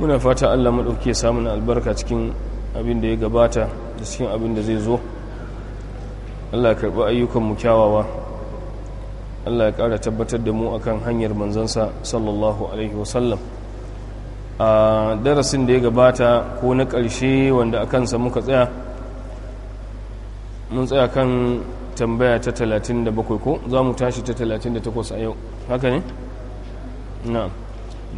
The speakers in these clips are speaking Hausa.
muna fata allah maɗauki samun albarka cikin abin da ya gabata da cikin abin da zai zo allah karɓi mu kyawawa allah ya ƙara tabbatar da mu akan hanyar manzansa sallallahu alaihi wasallam a darasin da ya gabata ko na ƙarshe wanda a kansa muka tsaya mun tsaya kan tambaya ta 37 ko za mu tashi ta 38 a yau haka ne? na'am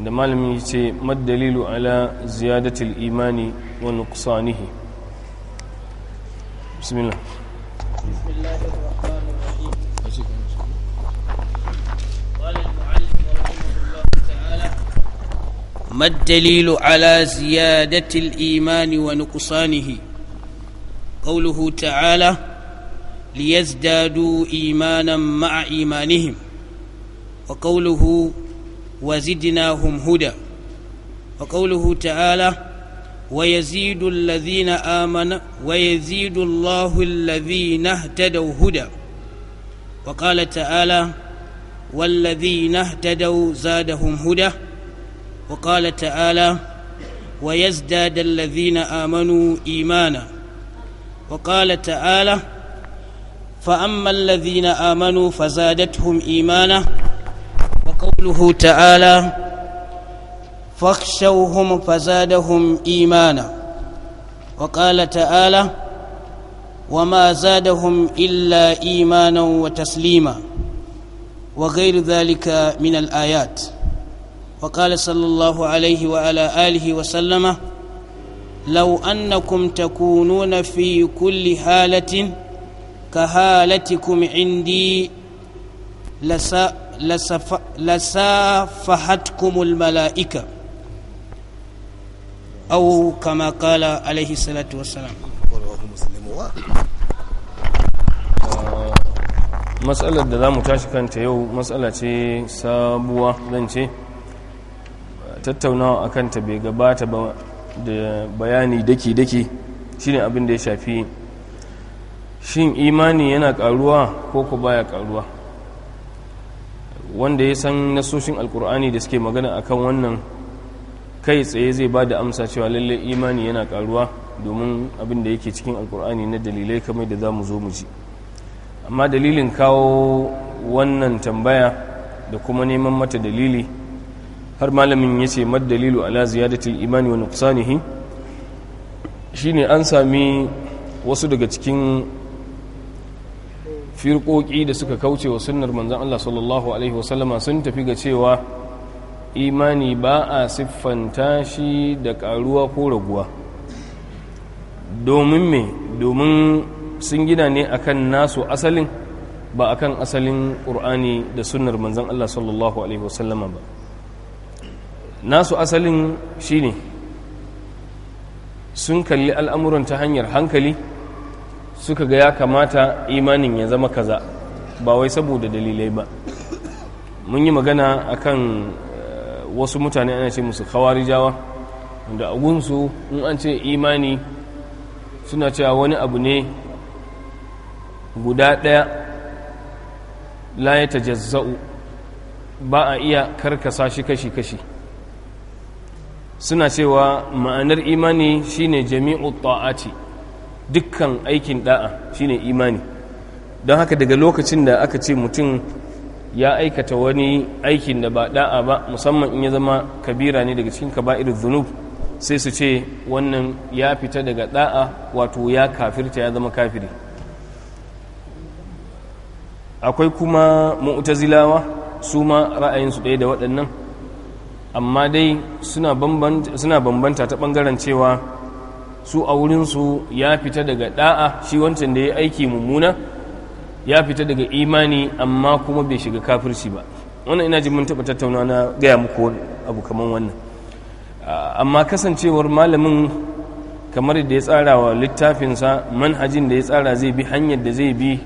da malami ce maddalilu ala ziyadatul imani wa nuqsanihi bismillah ما الدليل على زيادة الإيمان ونقصانه قوله تعالى ليزدادوا إيمانا مع إيمانهم وقوله وزدناهم هدى وقوله تعالى ويزيد الذين آمن ويزيد الله الذين اهتدوا هدى وقال تعالى والذين اهتدوا زادهم هدى وقال تعالى ويزداد الذين آمنوا إيمانا وقال تعالى فأما الذين آمنوا فزادتهم إيمانا وقوله تعالى فاخشوهم فزادهم إيمانا وقال تعالى وما زادهم إلا إيمانا وتسليما وغير ذلك من الآيات وقال صلى الله عليه وعلى آله وسلم لو أنكم تكونون في كل حالة كهالتكم عندي لسأ لسافحتكم الملائكة أو كما قال عليه الصلاة والسلام matsalar da za mu tashi kanta yau matsala ce sabuwa zan ce tattaunawa a kanta bai gabata ba da bayani daki-daki shine abin da ya shafi shin imani yana karuwa ko ku baya karuwa wanda ya san nasoshin alkur'ani da suke magana akan wannan kai tsaye zai ba da amsa cewa lallai imani yana karuwa domin abin da yake cikin alkur'ani na dalilai kamar da za mu zo mu ji amma dalilin kawo wannan tambaya da kuma neman mata dalili har malamin ya ce mad dalilu ala ziyadatul imani wa nuqsanihi shine an sami wasu daga cikin firƙoƙi da suka kauce wa sunnar manzan Allah sallallahu Alaihi wasallama sun tafi ga cewa imani ba a siffanta shi da ƙaruwa ko raguwa domin me domin sun gina ne akan nasu asalin ba akan asalin ƙur'ani da sunnar manzan Allah sallallahu Alaihi wasallama ba nasu asalin shine sun kalli al'amuran ta hanyar hankali suka ga ya kamata imanin ya zama kaza ba wai saboda dalilai ba mun yi magana a kan eh, wasu mutane ana ce musu jawa da agunsu in an ce imani suna cewa wani abu ne guda ɗaya la ya tajazza'u ba a iya karkasa shi kashi-kashi suna cewa ma'anar imani shine jami'u ta'ati dukkan aikin da'a shine imani don haka daga lokacin da aka ce mutum ya aikata wani aikin da ba da'a ba musamman in ya zama kabira ne daga cikin kaba'irin zunub sai su ce wannan ya fita daga da'a wato ya kafirta ya zama kafiri akwai kuma mu'tazilawa su ma ra'ayinsu ɗaya da waɗannan amma dai suna bambanta ta ɓangaren cewa su a wurinsu ya fita daga da'a shi wancan da ya aiki mummuna ya fita daga imani amma kuma bai shiga kafirci ba wannan ina ji mun taɓa tattauna na gaya muku abu kamar wannan ah, amma kasancewar malamin kamar da ya tsara wa littafinsa manhajin da ya tsara zai bi hanyar da zai bi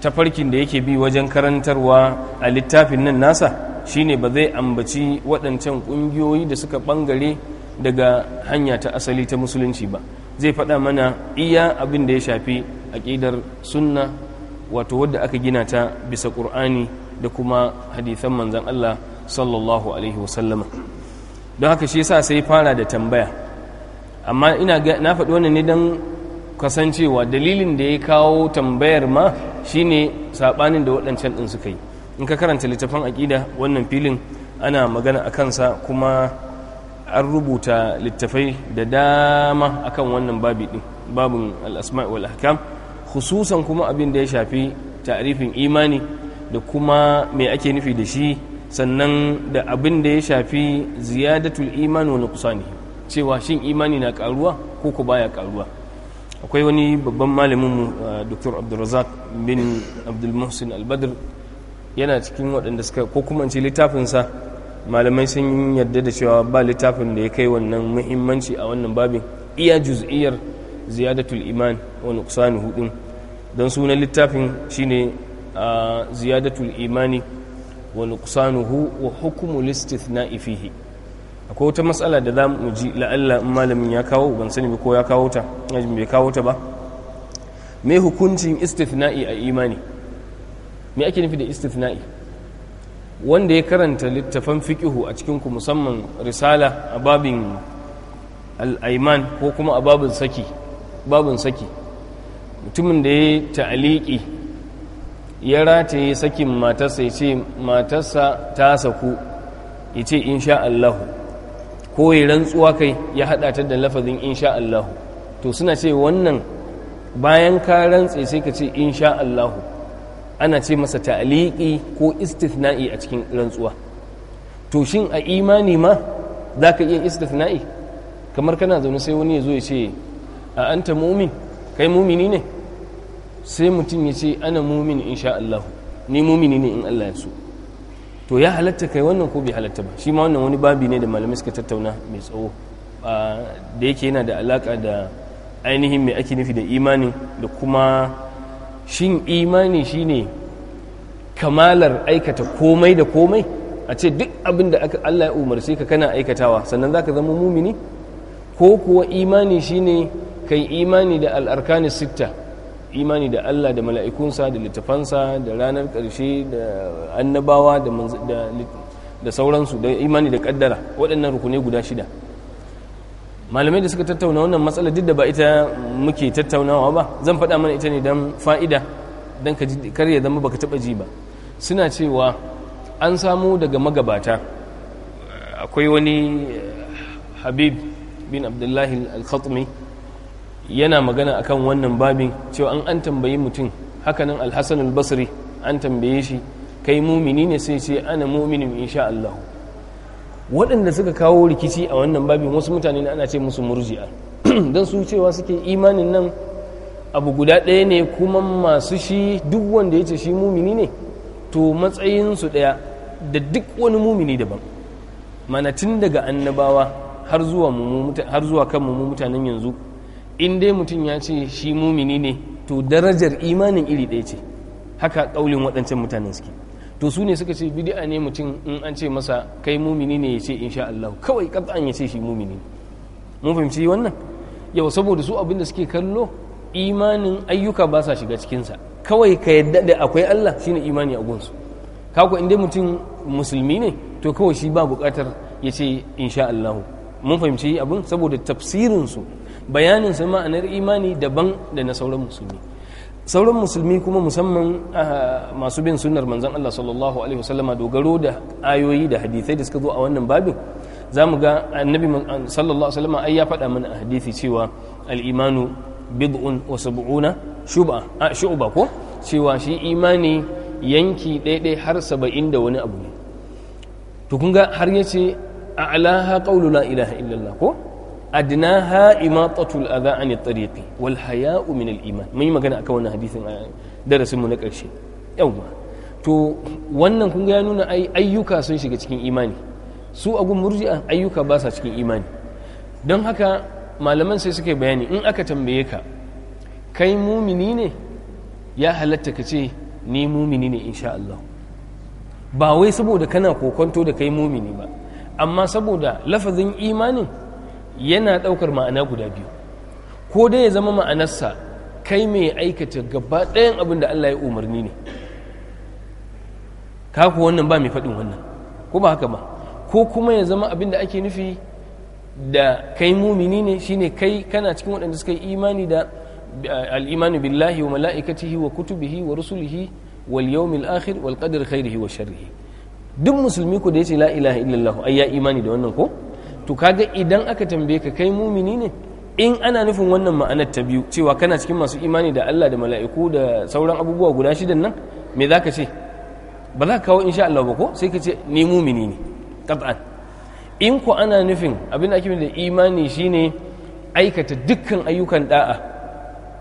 ta farkin da yake bi wajen karantarwa a littafin nan nasa shine ba zai ambaci waɗancan ƙungiyoyi da suka ɓangare daga hanya ta asali ta musulunci ba zai faɗa mana iya abin da ya shafi aƙidar sunna wato wadda aka gina ta bisa ƙur'ani da kuma hadithan manzan Allah sallallahu alaihi wasallama don haka shi sa sai fara da tambaya amma ina na faɗi wannan ne don kasancewa dalilin da ya kawo tambayar ma shine saɓanin da waɗancan ɗin suka yi in ka karanta littafin aƙida wannan filin ana magana a kansa kuma an rubuta littafai da dama akan wannan babi din babin al'asma'i wal ahkam khususan kuma abin da ya shafi ta'rifin imani da kuma me ake nufi da shi sannan da abin da ya shafi ziyadatul wani wa nuqsani cewa shin imani na karuwa ko ku baya karuwa akwai wani babban malamin mu Dr. Abdulrazak bin Abdul Muhsin Al-Badr yana cikin waɗanda suka ko kuma ce littafinsa malamai sun yarda da cewa ba littafin da ya kai wannan muhimmanci a wannan babin iya juz'iyar ziyadatul iman wa nuqsanuhu hudun don sunan littafin shine ziyadatul imani wa nuqsanuhu wa hukmul istithna'i fihi akwai wata matsala da za mu ji la'alla in malamin ya kawo ban sani ba ko ya kawo ta bai kawo ta ba me hukuncin istithna'i a imani me ake nufi da istithna'i wanda ya karanta littafan fiƙihu a cikinku musamman risala a babin al'aiman ko kuma a babin saki mutumin da ya ta'aliki ya rataye sakin matarsa ya ce matarsa ta saku ya ce insha Allahu ko ya rantsuwa kai ya haɗa ta da lafazin insha Allahu to suna ce wannan bayan ka rantse sai ka ce insha Allahu ana ce masa ta'liqi ko istithna'i a cikin rantsuwa to shin a imani ma zaka ka iya istithna'i kamar kana zaune sai wani ya zo ya ce a anta mumin kai mumini ne sai mutum ya ce ana mumin insha Allah ni mumini ne in Allah ya so to ya halatta kai wannan ko bai halatta ba shi ma wannan wani babi ne da malamai suka tattauna mai tsawo da yake yana da alaka da ainihin mai ake nufi da imanin da kuma shin imani shine kamalar aikata komai da komai a ce duk abin da Allah ya umarce ka kana aikatawa sannan zaka zama mumini ko kuwa imani shine kai imani da al'arkani sitta imani da Allah da mala'ikunsa da littafansa da ranar ƙarshe da annabawa da sauransu da imani da ƙaddara waɗannan rukunai guda shida malamai da suka tattauna wannan matsala duk da ba ita muke tattaunawa ba zan faɗa mana ita ne don fa'ida don kar ya zama baka taɓa ji ba suna cewa an samu daga magabata akwai wani eh, habib bin abdullahi al-khatmi yana magana akan wannan babin cewa an an tambayi mutum hakanan al hassan al-basri an tambaye shi kai mumini ne sai ce ana in sha Allah waɗanda suka kawo rikici a wannan babin wasu mutane na ana ce musu murji'a don su cewa suke imanin nan abu guda ɗaya ne kuma masu shi duk wanda ya ce shi mumini ne to matsayinsu ɗaya da duk wani mumini daban mana tun daga annabawa har zuwa kan mu mutanen yanzu in dai mutum ya ce shi mumini ne to darajar imanin iri ɗaya ce haka ƙaulin waɗancan mutanen suke to su ne suka ce bid'a ne mutum in an ce masa kai mumini ne ya ce insha Allah kawai an ya ce shi mumini mun fahimci wannan yau saboda su abinda suke kallo imanin ayyuka ba sa shiga sa kawai ka yadda da akwai Allah shine imani a gunsu kako inda mutum musulmi ne to kawai shi ba bukatar ya ce insha Allah mun fahimci abin saboda tafsirinsu bayanin sa ma'anar imani daban da na sauran musulmi sauran musulmi kuma musamman ah, masu bin sunnar manzon Allah sallallahu alaihi wasallama dogaro da ayoyi da hadisai da suka zo a wannan babin za mu ga annabi sallallahu alaihi wasallama ai ya faɗa mana a hadisi cewa al-imanu bid'un wa sab'una shuba a shuba ko cewa shi imani yanki daidai har saba'in da wani abu ne to kun ga har yace a'laha qawlu la ilaha illallah ko adnaha imatatul adha an tariqi wal haya'u min iman mun yi magana a wannan hadisin a darasin mu na karshe yawa to wannan kun ga ya nuna ayyuka sun shiga cikin imani su agun murji'a ayyuka basa cikin imani don haka malaman sai suka bayani in aka tambaye ka kai mumini ne ya halatta ka ce ni mumini ne insha Allah ba wai saboda kana kokonto da kai mumini ba amma saboda lafazin imanin yana ɗaukar ma'ana guda biyu ko dai ya zama ma'anarsa kai mai aikata gaba ɗayan abin da Allah ya umarni ne kaku wannan ba mai faɗin wannan ko ba haka ba ko kuma ya zama abin da ake nufi da kai mumini ne shine kai kana cikin waɗanda suka yi imani da al'imani billahi wa mala'ikatihi wa kutubihi wa rusulihi wal yawmil akhir wal qadar khairihi wa sharrihi duk musulmi ko da yace la ilaha illallah ai ya imani da wannan ko to kaga idan aka tambaye ka kai mumini ne in ana nufin wannan ma'anar ta biyu cewa kana cikin masu imani da Allah da mala'iku da sauran abubuwa guda shidan nan me za ka ce ba za ka kawo insha Allah ba ko sai ka ce ni mumini ne qat'an in ku ana nufin abin da ake da imani shine aikata dukkan ayyukan da'a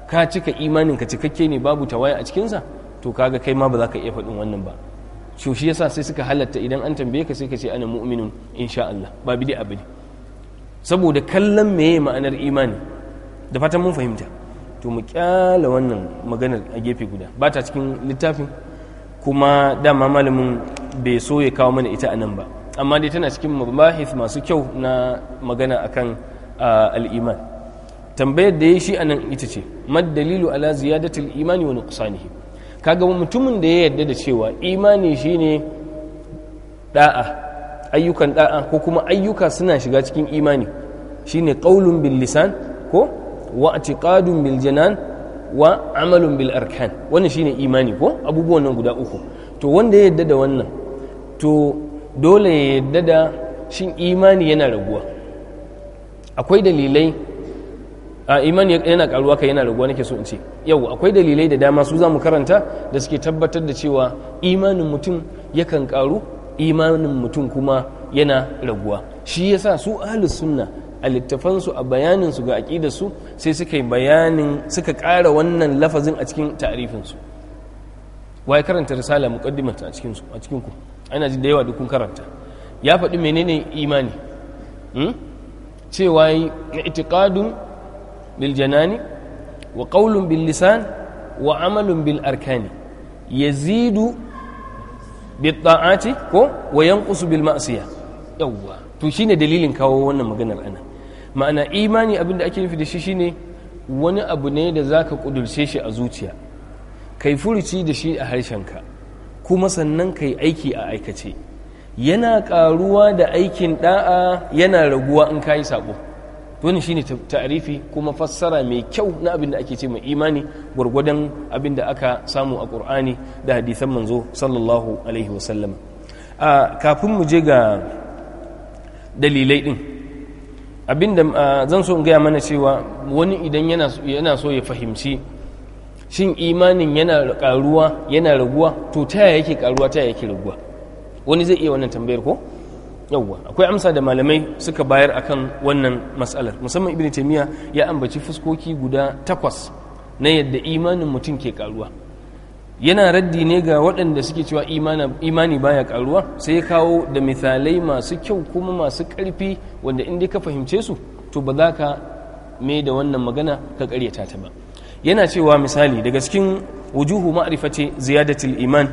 ka cika imanin ka cikakke ne babu tawaye a cikinsa to kaga kai ma ba za ka iya faɗin wannan ba to shi yasa sai suka halatta idan an tambaye ka sai ka ce ana mu'minun insha Allah ba da bane saboda kallon meye ma'anar imani da fatan mun fahimta to mu kyala wannan maganar a gefe guda ba ta cikin littafin kuma dama malamin bai so ya kawo mana ita anan ba amma dai tana cikin mabahis masu kyau na magana akan al'iman tambayar da ya shi a ita ce mad dalilu ala ziyadatul imani wa nuqsanihi kaga mutumin da ya yarda da cewa imani shine da'a ayyukan da'a ko kuma ayyuka suna shiga cikin imani shine qaulun bil lisan ko wa i'tiqadun bil janan wa amalun bil arkan wannan shine imani ko abubuwan nan guda uku to wanda ya yarda da wannan to dole ya yarda da shin imani yana raguwa akwai dalilai a iman yana karuwa kai yana raguwa nake so in ce yau akwai dalilai da dama su zamu karanta da suke tabbatar da cewa imanin mutum yakan karu imanin mutum kuma yana raguwa shi yasa su ahlus sunna a littafansu a bayaninsu ga su sai suka yi bayanin suka ƙara wannan lafazin a cikin ta'arifinsu waye karanta risala muqaddimata a cikin su a cikin ku ana ji da yawa duk kun karanta ya faɗi menene imani hmm? cewa na itiqadun بالجنان وقول باللسان وعمل بالأركان يزيد بالطاعات وينقص بالمعصية يوا to shine dalilin kawo wannan maganar ana ma'ana imani abin da ake nufi da shi shine wani abu ne da zaka kudurce shi a zuciya kai furuci da shi a harshenka kuma sannan kai aiki a aikace yana karuwa da aikin da'a yana raguwa in kayi sako shi shine ta'arifi kuma fassara mai kyau na abin da ake ce mai imani gwargwadon abin da aka samu a ƙur'ani da hadisan manzo sallallahu alaihi wasallam a kafin mu je ga dalilai din abin da zan so in gaya mana cewa wani idan yana so ya fahimci shin imanin yana karuwa yana raguwa to ta yake karuwa ta yake raguwa wani zai iya wannan tambayar ko yawwa akwai amsa da malamai suka bayar akan wannan matsalar musamman ibn taimiyya ya ambaci fuskoki guda takwas na yadda imanin mutum ke karuwa yana raddi ne ga waɗanda suke cewa imani baya karuwa sai ya kawo da misalai masu kyau kuma masu ƙarfi wanda in dai ka fahimce su to ba za ka mai da wannan magana ka ƙaryata ta ba yana cewa misali daga cikin wujuhu ma'rifati ziyadatul iman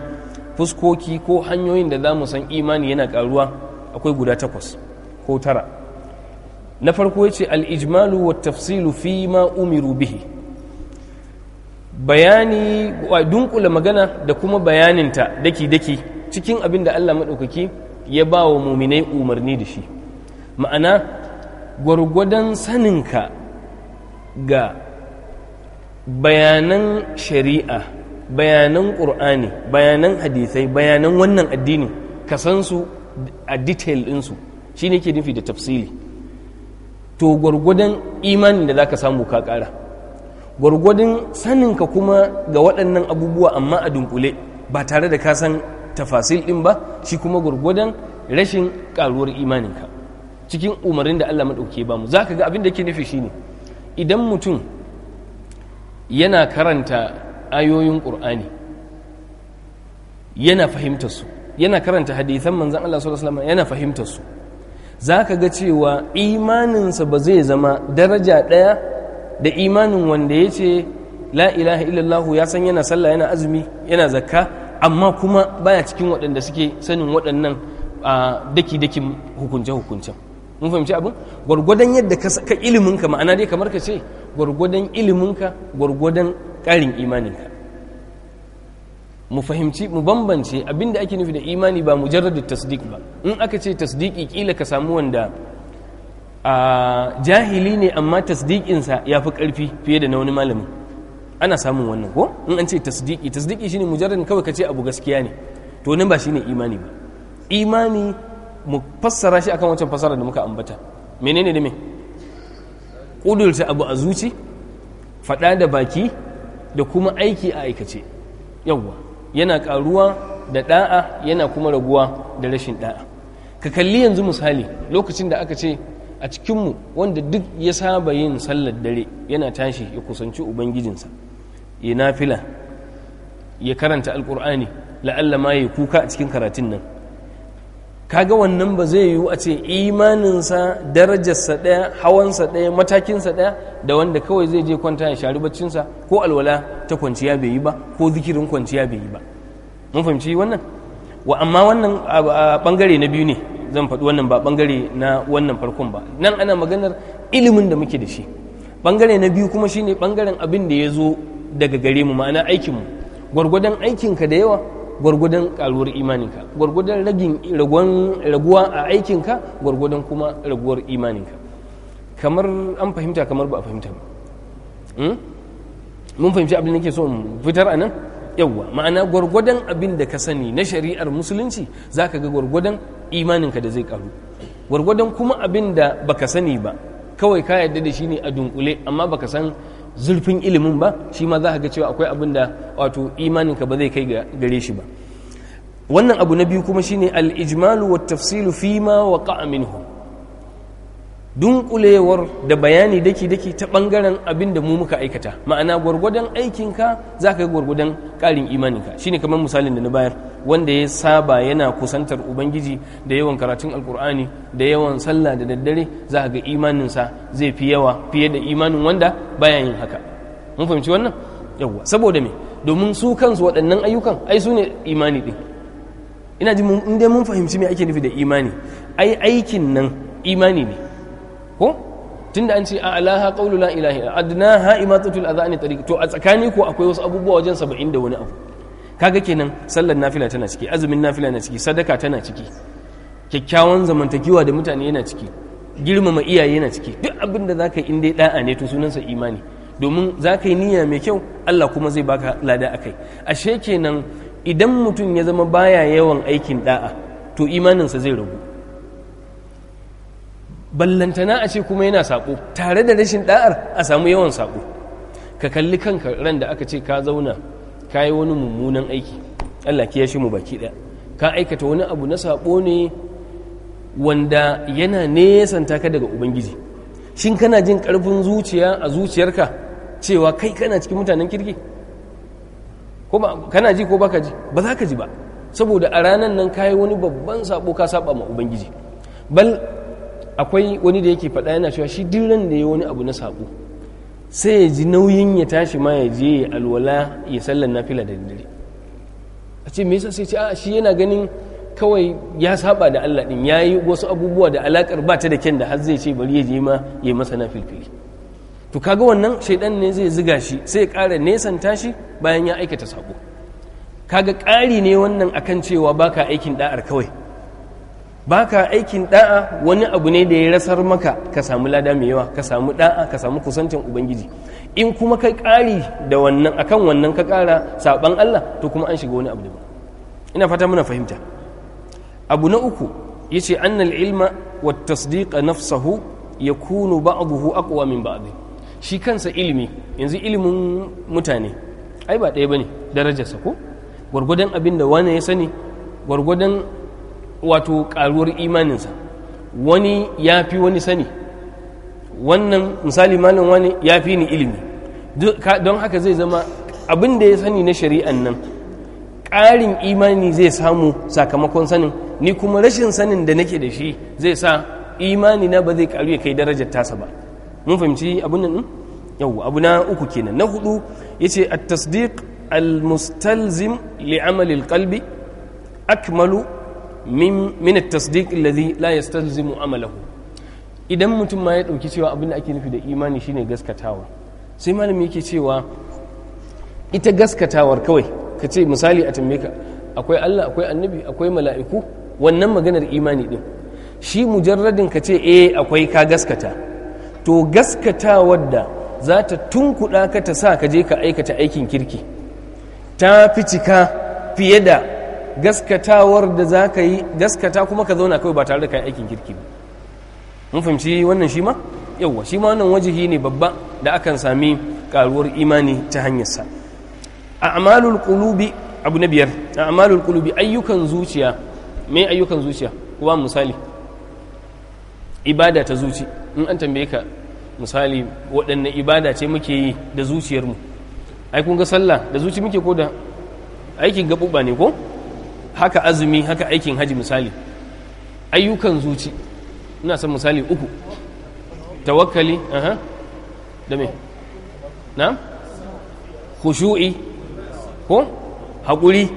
fuskoki ko hanyoyin da za mu san imani yana karuwa akwai guda takwas ko tara na farko ya ce al'ijmalu wa tafsilu fi ma umiru bihi bayani wa dunkula magana da kuma bayaninta daki-daki cikin abin da Allah maɗaukaki ya ba wa muminai umarni da shi ma'ana gwargwadon saninka ga bayanan shari'a bayanan ƙur'ani bayanan hadisai bayanan wannan addini ka san su a detail ɗinsu shi ne ke nufi da tafsili to gwargwadon imanin da za ka samu ka ƙara gwargwadon saninka kuma ga waɗannan abubuwa amma a dunkule ba tare da ka san tafasil ɗin ba shi kuma gwargwadon rashin ƙaruwar imaninka cikin umarnin da Allah maɗauke ba mu za ka ga abin da ke nufi shine idan mutum yana karanta ayoyin ƙur'ani yana fahimtar su yana karanta hadithan manzan Allah sallallahu alaihi yana fahimtar su zaka ga cewa imaninsa ba zai zama daraja ɗaya da imanin wanda ya ce la ilaha illallah ya san yana sallah yana azumi yana zakka amma kuma baya cikin waɗanda suke sanin waɗannan daki-dakin hukunce-hukuncen mun fahimci abin gwargwadon yadda ka iliminka ma'ana dai kamar ka ce gwargwadon iliminka gwargwadon ƙarin imaninka mu fahimci mu bambance abinda ake nufi da imani ba da tasdik ba in aka ce tasdiki kila ka samu wanda a jahili ne amma tasdikinsa ya fi ƙarfi fiye da na wani malami ana samun wannan ko in an ce tasdiki tasdiki shine mujarradin kawai ka ce abu gaskiya ne to nan ba shine imani ba imani mu fassara shi akan wancan fassara da muka ambata menene da me kudurta abu a zuci faɗa da baki da kuma aiki a aikace yawwa yana ƙaruwa da ɗa'a yana kuma raguwa da rashin ɗa'a ka kalli yanzu misali lokacin da aka ce a cikinmu wanda duk ya saba yin sallar dare yana tashi ya kusanci ubangijinsa ya nafila ya karanta alkur'ani la'alla ma ya kuka a cikin karatun nan kaga wannan ba zai yiwu a ce imaninsa darajarsa ɗaya hawansa ɗaya matakinsa ɗaya da wanda kawai zai je kwanta ya shari baccinsa ko alwala ta kwanciya bai yi ba ko zikirin kwanciya bai yi ba mun fahimci wannan wa amma wannan bangare na biyu ne zan faɗi wannan ba bangare na wannan farkon ba nan ana maganar ilimin da muke da shi bangare na biyu kuma shine bangaren abin da ya zo daga gare mu ma'ana mu gwargwadon aikinka da yawa gwargwadon karuwar imaninka gwargwadon ragin raguwa a aikinka gwargwadon kuma raguwar imaninka kamar an fahimta kamar ba a fahimta ba hmm? mun fahimci abin da ke so fitar a nan yawwa ma'ana gwargwadon abin da ka sani na shari'ar musulunci za ka ga gwargwadon imaninka da zai karu gwargwadon kuma abin da baka sani ba kawai ka yarda da shi ne a dunkule amma baka san zurfin ilimin ba shi ma za ka ga cewa akwai abin da wato imaninka ba zai kai gare shi ba wannan abu na biyu kuma shine al-ijmalu wa tafsilu fi ma waqa'a minhu dunkulewar da bayani daki-daki ta bangaren abin da mu muka aikata ma'ana gwargwadon aikinka za ka yi gwargwadon ƙarin imaninka shine kamar misalin da na bayar wanda ya saba yana kusantar ubangiji da yawan karatun alkur'ani da yawan sallah da daddare za ka ga imaninsa zai fi yawa fiye da imanin wanda baya yin haka mun fahimci wannan yawwa saboda me domin su kansu waɗannan ayyukan ai su ne imani ɗin ina ji in dai mun fahimci me ake nufi da imani ai aikin nan imani ne ko tunda an ce a alaha qawlu la ilaha illa adnaha imatatul adhani tariq to a tsakani ko akwai wasu abubuwa wajen 70 da wani abu kaga kenan sallar nafila tana ciki azumin nafila na ciki sadaka tana ciki kyakkyawan zamantakewa da mutane yana ciki girmama iyaye yana ciki duk abin da zaka yi in ya da'a ne to sunansa imani domin za yi niyya mai kyau Allah kuma zai baka lada akai ashe kenan idan mutum ya zama baya yawan aikin da'a to imaninsa zai ragu ballantana a ce kuma yana sako tare da rashin ɗa'ar a samu yawan sako ka kalli kanka ran da aka ce ka zauna ka yi wani mummunan aiki Allah ki shi mu baki ɗaya ka aikata wani abu na sako ne wanda yana nesanta ka daga ubangiji shin kana jin karfin zuciya a zuciyarka cewa kai kana cikin mutanen kirki kana ji ko baka ji ba za ka ji ba saboda a ranar nan ka yi wani babban sako ka saɓa ma ubangiji bal akwai wani da yake faɗa yana cewa shi diran da ya wani abu na saƙo sai ya ji nauyin ya tashi ma ya je alwala ya na fila da dare a ce me yasa sai ce shi yana ganin kawai ya saba da Allah din ya yi wasu abubuwa da alakar ba ta da kyan da har zai ce bari ya je ma ya masa filfili to kaga wannan shaidan ne zai ziga shi sai ya kara nesan tashi bayan ya aikata saƙo kaga ƙari ne wannan akan cewa baka aikin da'ar kawai ba ka aikin da'a wani abu ne da ya rasar maka ka samu lada mai yawa ka samu da'a ka samu kusancin ubangiji in kuma ka ƙari da wannan akan wannan ka kara saban Allah to kuma an shiga wani abu daban ina fata muna fahimta abu na uku yace annal ilma wa tasdiqa nafsahu yakunu ba'dahu aqwa min ba'd shi kansa ilimi yanzu ilimin mutane ai ba ɗaya bane darajarsa ko gwargwadon abin da wani ya sani gwargwadon wato karuwar imaninsa wani ya fi wani sani wannan misali malam wani ya fi ni ilimi don haka zai zama abin da ya sani na shari'an nan ƙarin imani zai samu sakamakon sanin ni kuma rashin sanin da nake da shi zai sa imani na ba zai karu ya kai darajar tasa ba mun fahimci abin nan yau abu na uku kenan na hudu yace at-tasdiq al-mustalzim li amalil qalbi akmalu min at-tasdiq alladhi la yastalzimu amalahu idan mutum ma ya dauki cewa abin da ake nufi da imani shine gaskatawa sai malami yake cewa ita gaskatawar kawai ka ce misali a tambaye ka akwai Allah akwai annabi akwai mala'iku wannan maganar imani din shi mujarradin ka ce eh akwai ka gaskata to gaskatawar da za ta tunkuɗa ka ta sa ka je ka aikata aikin kirki ta fi cika fiye da gaskatawar da za ka yi gaskata kuma ka zauna kawai ba tare da kayan aikin kirki ba mun fahimci wannan shi ma yauwa shi ma wannan wajihi ne babba da akan sami karuwar imani ta hanyarsa A a'malul kulubi abu na biyar A a'malul kulubi ayyukan zuciya me ayyukan zuciya kuma misali ibada ta zuci in an tambaye ka misali waɗanne ibada ce muke yi da zuciyarmu ai ga sallah da zuci muke ko da aikin gaɓuɓa ne ko haka azumi haka aikin haji misali ayyukan zuci ina son misali uku tawakkali aha da me na khushu'i ko haƙuri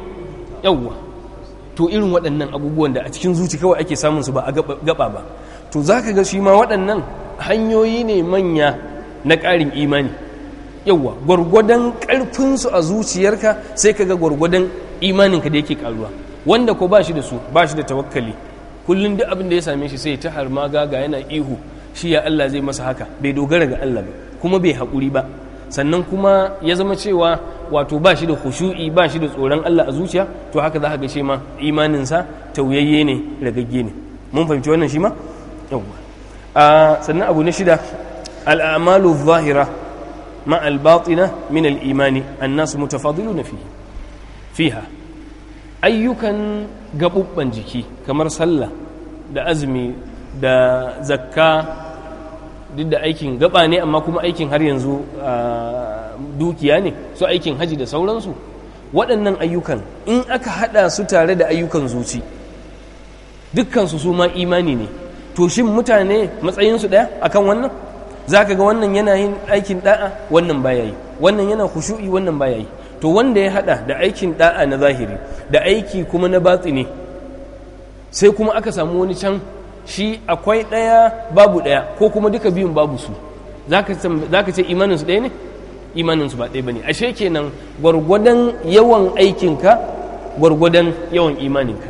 yawwa to irin waɗannan abubuwan da a cikin zuci kawai ake samun su ba a gaba ba to za ka ga shi ma waɗannan hanyoyi ne manya na ƙarin imani yawwa gwargwadon ƙarfinsu a zuciyarka sai ka ga gwargwadon imaninka da yake karuwa wanda ko ba shi da su ba shi da tawakkali kullum duk abin da ya same shi sai ta harma gaga yana ihu shi ya Allah zai masa haka bai dogara ga Allah ba kuma bai haƙuri ba sannan kuma ya zama cewa wato ba shi da khushu'i ba shi da tsoron Allah a zuciya to haka za ka ga ma imaninsa tauyayye ne ragagge ne mun fahimci wannan shi ma yawwa sannan abu na shida al'amalu zahira ma al-batina min al-imani an-nas mutafadiluna fihi fiha ayyukan gaɓuɓɓen jiki kamar sallah da azumi da zakka duk da aikin gaba ne amma kuma aikin har yanzu dukiya ne su aikin haji da sauransu waɗannan ayyukan in aka haɗa su tare da ayyukan zuci dukkansu su ma imani ne to shin mutane matsayinsu ɗaya akan wannan za ka ga wannan yana yin aikin ɗa'a wannan bayayi wannan yana kushu'i wannan bayayi to wanda ya hada da aikin da'a na zahiri da aiki kuma na batsi ne. sai kuma aka samu wani can shi akwai ɗaya babu ɗaya ko kuma duka biyun babu su za ka ce imaninsu ɗaya ne imaninsu ba ɗaya ba ne ashe kenan gwargwadon yawan aikinka gwargwadon yawan imaninka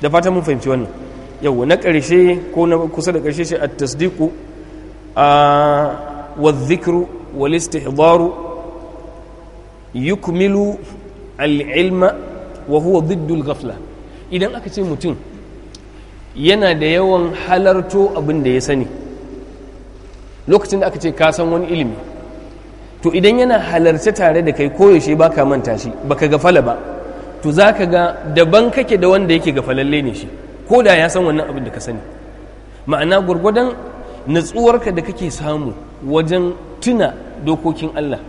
da fata mun fahimci wannan yau na ƙarshe ko na kusa da ƙarshe shi a tasdiku a ah, wa zikiru wal yukmilu al'ilma wa huwa diddul gafla idan aka ce mutum yana da yawan halarto abin da ya sani lokacin da aka ce ka san wani ilimi to idan yana halarce tare da kai koyaushe ba ka manta shi ba ka gafala ba to za ka ga daban kake da wanda yake gafalalle ne shi ko da ya san wannan abin da ka sani ma'ana gwargwadon natsuwarka da kake samu wajen tuna dokokin Allah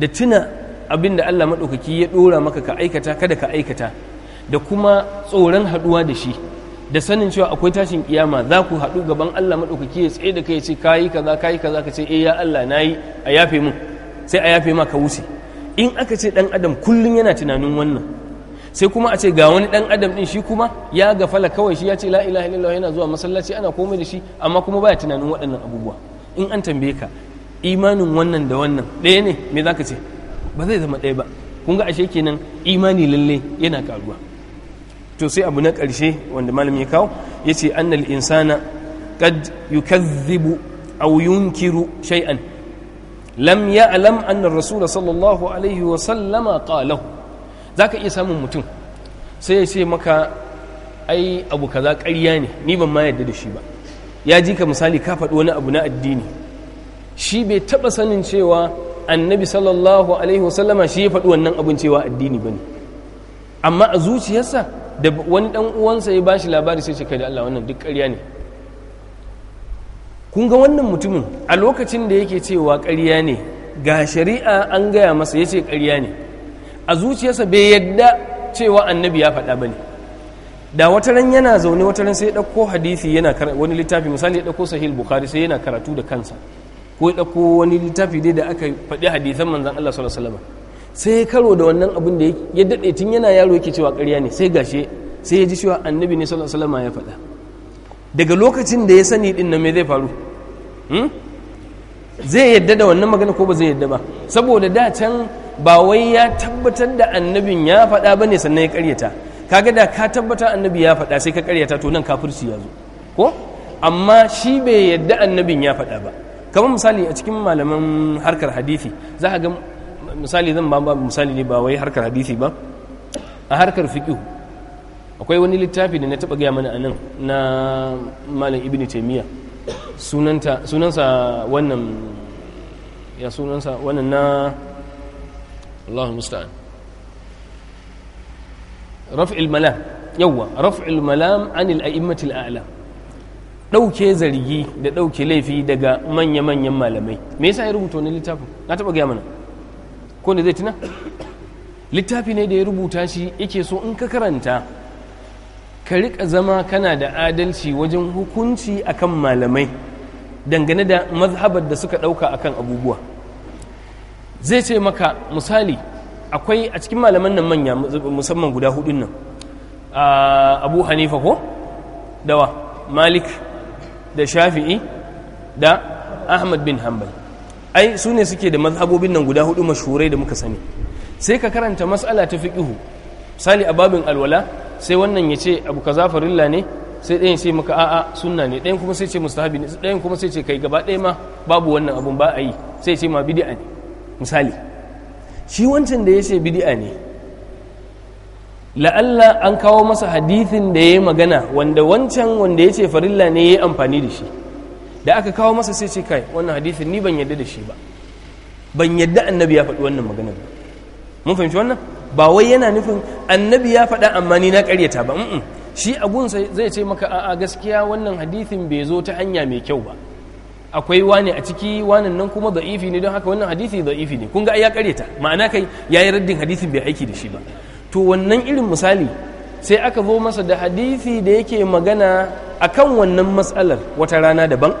da tuna abin da Allah maɗaukaki ya ɗora maka ka aikata kada ka aikata da kuma tsoron haɗuwa da shi da sanin cewa akwai tashin kiyama za ku haɗu gaban Allah maɗaukaki ya tsaye da kai ya ce kayi kaza kayi kaza ka ce eh ya Allah yi a yafe mun sai a yafe ma ka wuce in aka ce ɗan adam kullum yana tunanin wannan sai kuma a ce ga wani ɗan adam ɗin shi kuma ya gafala kawai shi ya ce la ilaha illallah yana zuwa masallaci ana komai da shi amma kuma baya tunanin waɗannan abubuwa in an tambaye ka imanin wannan da wannan ɗaya ne me za ka ce ba zai zama ɗaya ba kun ga ashe kenan imani lalle yana karuwa to sai abu na ƙarshe wanda malami ya kawo ya ce annal insana qad yukazzibu aw yunkiru shay'an lam ya'lam anna rasul sallallahu alaihi wa sallama qalahu zaka iya samun mutum sai ya ce maka ai abu kaza ƙarya ne ni ban ma yadda da shi ba ya ji ka misali ka faɗi wani abu na addini shi bai taɓa sanin cewa annabi sallallahu alaihi wasallama shi ya faɗi wannan abin cewa addini bane amma a zuciyarsa da wani dan uwansa ya bashi labari sai ce kai da Allah wannan duk ƙarya ne kun ga wannan mutumin a lokacin da yake cewa ƙarya ne ga shari'a an gaya masa ya ce ƙarya ne a zuciyarsa bai yadda cewa annabi ya faɗa bane ne da wata ran yana zaune wata ran sai ya ɗauko hadisi yana wani littafi misali ya ɗauko sahih bukhari sai yana karatu da kansa ko ya ɗauko wani littafi dai da aka faɗi hadisan manzan Allah sallallahu alaihi wasallam sai karo da wannan abin da ya daɗe tun yana yaro yake cewa ƙarya ne sai gashe sai ya ji cewa annabi ne sallallahu alaihi ya faɗa daga lokacin da ya sani din nan me zai faru hmm? zai yadda da wannan magana ko ba zai yadda ba saboda da can ba wai ya tabbatar da annabin ya faɗa ba ne sannan ya ƙaryata kaga da ka tabbatar annabi ya faɗa sai ka karyata to nan kafirci ya zo ko amma shi bai yadda annabin ya faɗa ba kamar misali a cikin malaman harkar hadithi za a ga misali zan ba misali ne ba wai harkar hadithi ba a harkar fiqh akwai wani littafi da na taɓa gaya mana a nan na malam ibn taymiya sunanta sunansa wannan ya sunansa wannan na Allahu musta'an raf'il malam yawa raf'il malam anil a'immatil a'lam ɗauke zargi da ɗauke laifi daga manya-manyan malamai me yasa ya rubuta wani littafin na taɓa gaya mana ko ne zai tuna littafi ne da ya rubuta shi yake so in ka karanta ka riƙa zama kana da adalci wajen hukunci akan malamai dangane da mazhabar da suka ɗauka akan abubuwa zai ce maka misali akwai a cikin malaman nan manya musamman guda hudun nan ah, abu hanifa ko dawa malik da shafi'i da ahmad bin hanbal ai su ne suke da mazhabobin nan guda hudu mashhurai da muka sani sai ka karanta mas'ala ta fiqihu misali a babin alwala sai wannan ya ce abu kaza farilla ne sai ɗayan sai maka a'a sunna ne ɗayan kuma sai ce mustahabi ne ɗayan kuma sai ce kai gaba ɗaya ma babu wannan abun ba a yi sai ce ma bid'a ne misali shi wancan da ya ce bid'a ne la'alla an kawo masa hadithin da ya yi magana wanda wancan wanda ya ce farilla ne ya yi amfani da shi da aka kawo masa sai ce kai wannan hadithin ni ban yadda da shi ba ban yadda annabi ya faɗi wannan magana ba mun fahimci wannan ba wai yana nufin annabi ya faɗa amma ni na ƙaryata ba shi a gunsa zai ce maka a'a gaskiya wannan hadithin bai zo ta hanya mai kyau ba akwai wane a ciki wanan nan kuma da'ifi ne don haka wannan hadithi da'ifi ne kun ga ya karyata ma'ana kai ya yi raddin hadithin bai aiki da shi ba to wannan irin misali sai aka zo masa da hadisi da yake magana a kan wannan matsalar wata rana daban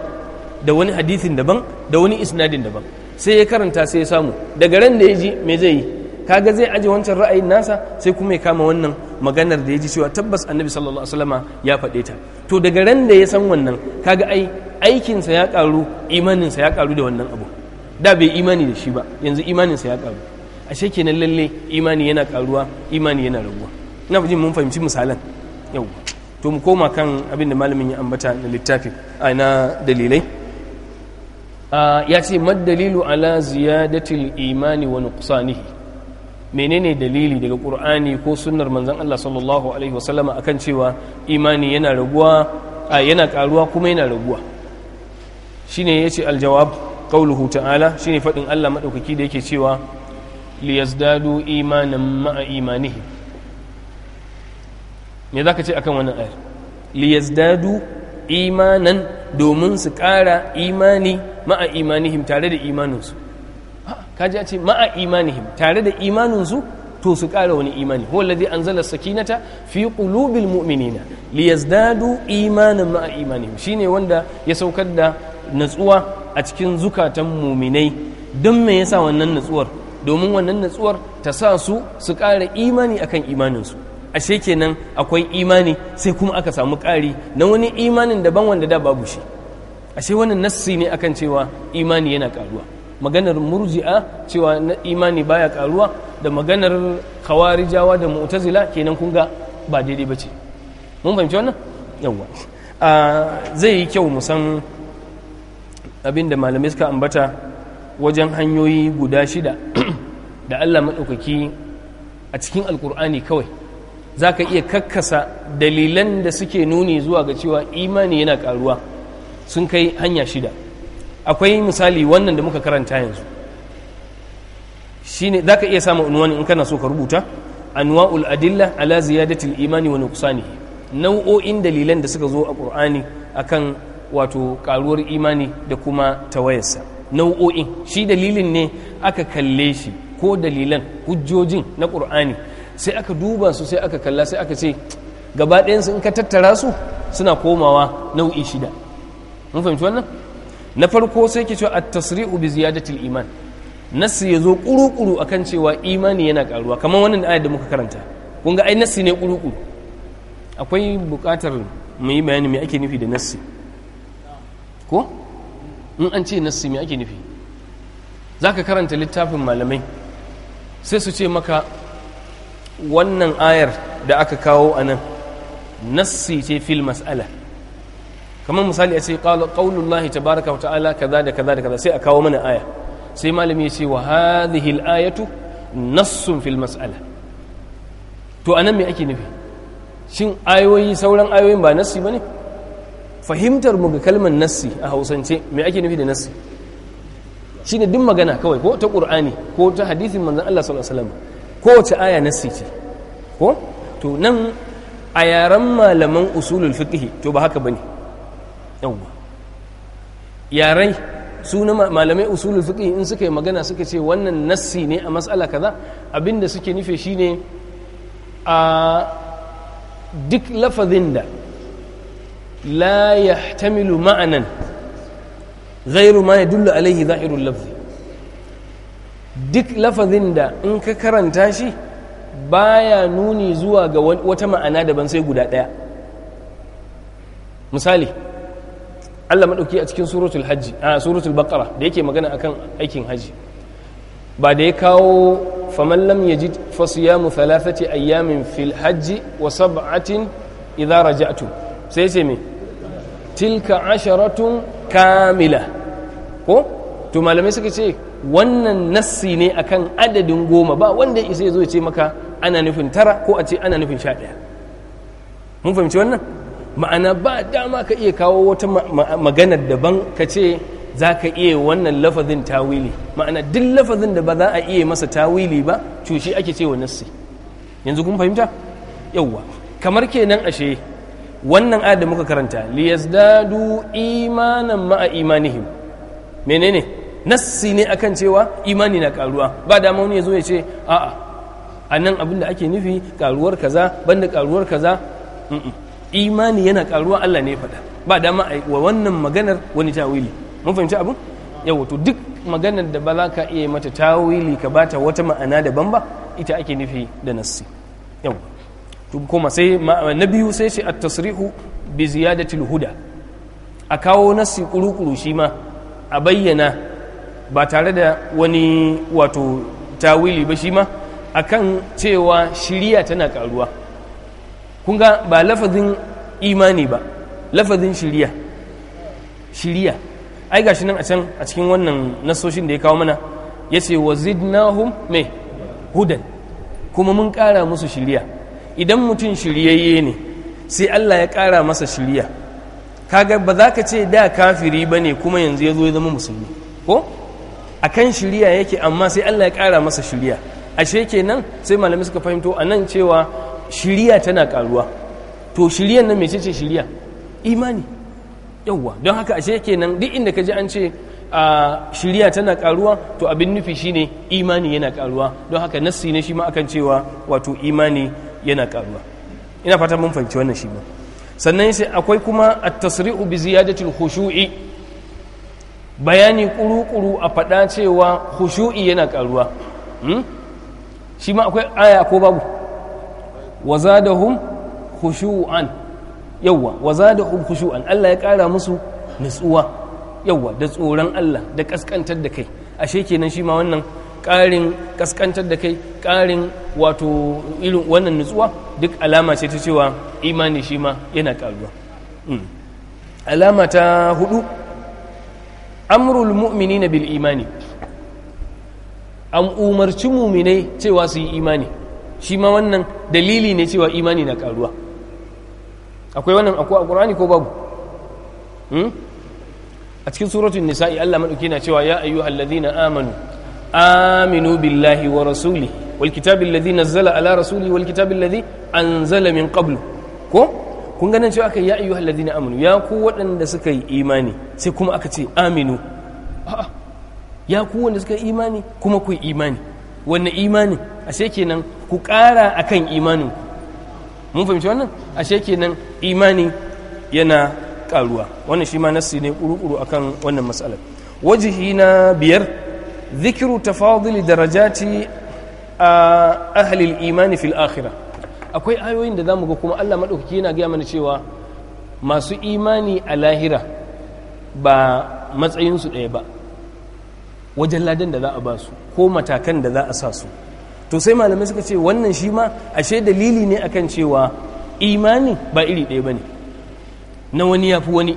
da wani hadisin daban da wani isnadin daban sai ya karanta sai ya samu daga ran da ya ji me zai yi kaga zai aje wancan ra'ayin nasa sai kuma ya kama wannan maganar da ya ji cewa tabbas annabi sallallahu alaihi wasallama ya faɗe ta to daga ran da ya san wannan kaga ai aikinsa ya karu imaninsa ya karu da wannan abu da bai imani da shi ba yanzu imaninsa ya karu a ashe nan lalle imani yana karuwa imani yana raguwa ina jin mun fahimci misalan yau to mu koma kan abin da malamin ya ambata na littafi a na dalilai ya ce dalilu ala ziyadatil imani wa nuqsanihi menene dalili daga qur'ani ko sunnar manzon Allah sallallahu alaihi wasallama akan cewa imani yana raguwa yana karuwa kuma yana raguwa shine yace aljawab qauluhu ta'ala shine fadin Allah madaukaki da yake cewa liyazdadu imanan ma'a imanihim me ka ce akan wannan ayar liyazdadu imanan domin su ƙara imani ma'a imanihim tare da imaninsu ka kaji a ce ma'a imanihim tare da imaninsu to su ƙara wani imani huwa alladhi anzala sakinata fi qulubil mu'minina liyazdadu imanan ma'a imanihim shine wanda ya saukar da natsuwa a cikin zukatan muminai don me yasa wannan natsuwar domin wannan natsuwar ta sa su su ƙara imani akan imaninsu ashe kenan akwai imani sai kuma aka samu ƙari na wani imanin daban wanda da babu shi ashe wannan nassi ne akan cewa imani yana ƙaruwa maganar murji'a cewa imani baya ƙaruwa da maganar khawarijawa da mu'tazila kenan kun ga ba daidai bace mun fahimci wannan yawwa ah, zai yi kyau mu san abin da malamai suka ambata wajen hanyoyi guda shida da Allah maɗaukaki a cikin alkur'ani kawai za ka iya kakkasa dalilan da suke nuni zuwa ga cewa imani yana ƙaruwa sun kai hanya shida akwai misali wannan da muka karanta yanzu shi ne za ka iya samun unwani in kana so ka rubuta anwa'ul adilla ala ziyadatil imani wa ne nau'o'in dalilan da suka zo a ƙur'ani akan wato ƙaruwar imani da kuma tawayarsa nau'o'in shi dalilin ne aka kalle shi ko dalilan hujjojin na ƙur'ani sai aka duba su sai aka kalla sai aka ce gaba su in ka tattara su suna komawa nau'i shida mun fahimci wannan na farko sai ke cewa at-tasri'u bi ziyadatil iman nassi yazo kuru-kuru akan cewa imani yana karuwa kamar wannan da da muka karanta kun ga ai nassi ne kuru akwai buƙatar mu yi bayani me ake nufi da nasi ko in an ce nassi me ake nufi za ka karanta littafin malamai sai su ce maka wannan ayar da aka kawo a nan nassi ce fil mas'ala kamar misali a ce ta tabaraka wa ta'ala kaza da kaza da kaza sai a kawo mana aya sai malami ya ce wa hadhihi al-ayatu nassun fil mas'ala to nan me ake nufi shin ayoyi sauran ayoyin ba nassi bane ne fahimtar mu ga kalmar nassi a hausance me ake nufi da nassi shine duk magana kawai ko ta qur'ani ko ta hadisin manzan Allah sallallahu ko wasallam aya nassi ce ko to nan a yaran malaman usulul fiqh to ba haka bane yawwa yarai su na malamai usulul fiqh in suka yi magana suka ce wannan nassi ne a mas'ala kaza abinda suke nufi shine a duk lafazin da la yahtamilu ma'anan ghairu ma yadullu alaihi zahirul lafzi duk lafazin da in ka karanta shi baya nuni zuwa ga wata ma'ana daban sai guda ɗaya misali Allah maɗauki a cikin suratul hajji a suratul Baƙara da yake magana akan aikin hajji ba da ya kawo faman lam yajid fasiyamu thalathati ayyamin fil hajji wa sab'atin idara raja'tum sai ce min. tilka asharatun kamila ko to malamai suka ce wannan nassi ne akan adadin goma ba wanda isa ya zo ya ce maka ana nufin tara ko a ce ana nufin sha ɗaya mun fahimci wannan ma'ana ba dama ka iya kawo wata maganar daban ka ce za ka iya wannan lafazin tawili ma'ana duk lafazin da ba za a iya masa tawili ba cushi ake ce wa nassi yanzu kun fahimta yauwa kamar kenan ashe wannan ayat da muka karanta liyazdadu imanan ma'a imanihim menene nassi ne akan cewa imani na karuwa ba da wani ya zo ya ce a'a a nan abin da ake nufi karuwar kaza banda karuwar kaza imani yana karuwa Allah ne faɗa ba dama wa wannan maganar wani tawili mun fahimci abin yawa to duk maganar da balaka ka iya mata tawili ka bata wata ma'ana daban ba ita ake nufi da nassi yawa to kuma sai na biyu sai ce at-tasrihu bi ziyadatil huda a kawo nasi kurukuru shi ma a bayyana ba tare da wani wato tawili ba shi ma kan cewa shiriya tana karuwa kun ba lafazin imani ba lafazin shirya shirya ai gashi nan a can a cikin wannan nasoshin da ya kawo mana ya ce wa mai hudan kuma mun kara musu shiriya idan mutum shiryayye ne sai Allah ya kara masa shirya kaga ba za ka ce da kafiri ba ne kuma yanzu ya zo ya zama musulmi ko a kan shirya yake amma sai Allah ya kara masa shirya ashe kenan sai malami suka fahimto a nan cewa shirya tana ƙaruwa to shiryan nan mecece shirya imani yawwa don haka ashe kenan duk inda ka ji an ce a shirya tana karuwa to abin nufi shine imani yana karuwa don haka nassi ne shi ma akan cewa wato imani yana karuwa ina fatan mun fahimci wannan shi ba sannan sai akwai kuma at-tasri'u bi ziyadatil khushu'i bayani kuru-kuru a faɗa cewa khushu'i yana karuwa hmm? shi ma akwai aya ko babu wa zadahum khushu'an yawwa wa khushu'an Allah ya kara musu nutsuwa yawwa da tsoron Allah da kaskantar da kai ashe kenan shi ma wannan ƙarin kaskantar da kai ƙarin wato irin wannan nutsuwa duk alama ce ta cewa imani shi ma yana ƙaruwa hmm. alama ta hudu amrul mu'mini na bil'imani imani an umarci muminai cewa su yi imani shi ma wannan dalili ne cewa imani na ƙaruwa akwai wannan akwai a ƙur'ani ko babu hmm? a cikin suratun nisa'i Allah maɗauki na cewa ya ayyuhal na amanu aminu billahi wa rasuli wal kitabil ladhi nazzala ala rasuli wal kitabil ladhi anzala min qablu ko kun ganin cewa aka ya ayyuhal ladina aminu ya ku waɗanda suka yi imani sai kuma aka ce aminu ya ku wanda suka yi imani kuma ku yi imani wanne imani ashe nan ku ƙara akan imanin mun fahimci wannan ashe nan imani yana ƙaruwa wannan shi ma nassi ne ƙuruƙuru akan wannan matsalar wajihi na biyar zikiru tafadili darajati a ahlil imani fil akhira akwai ayoyin da zamu ga kuma Allah madaukaki yana gaya mana cewa masu imani a lahira ba matsayinsu ɗaya ba wajen ladan da za a basu ko matakan da za a sa su to sai malamai suka ce wannan shi ma ashe dalili ne akan cewa imani ba iri ɗaya ba ne na wani ya fi wani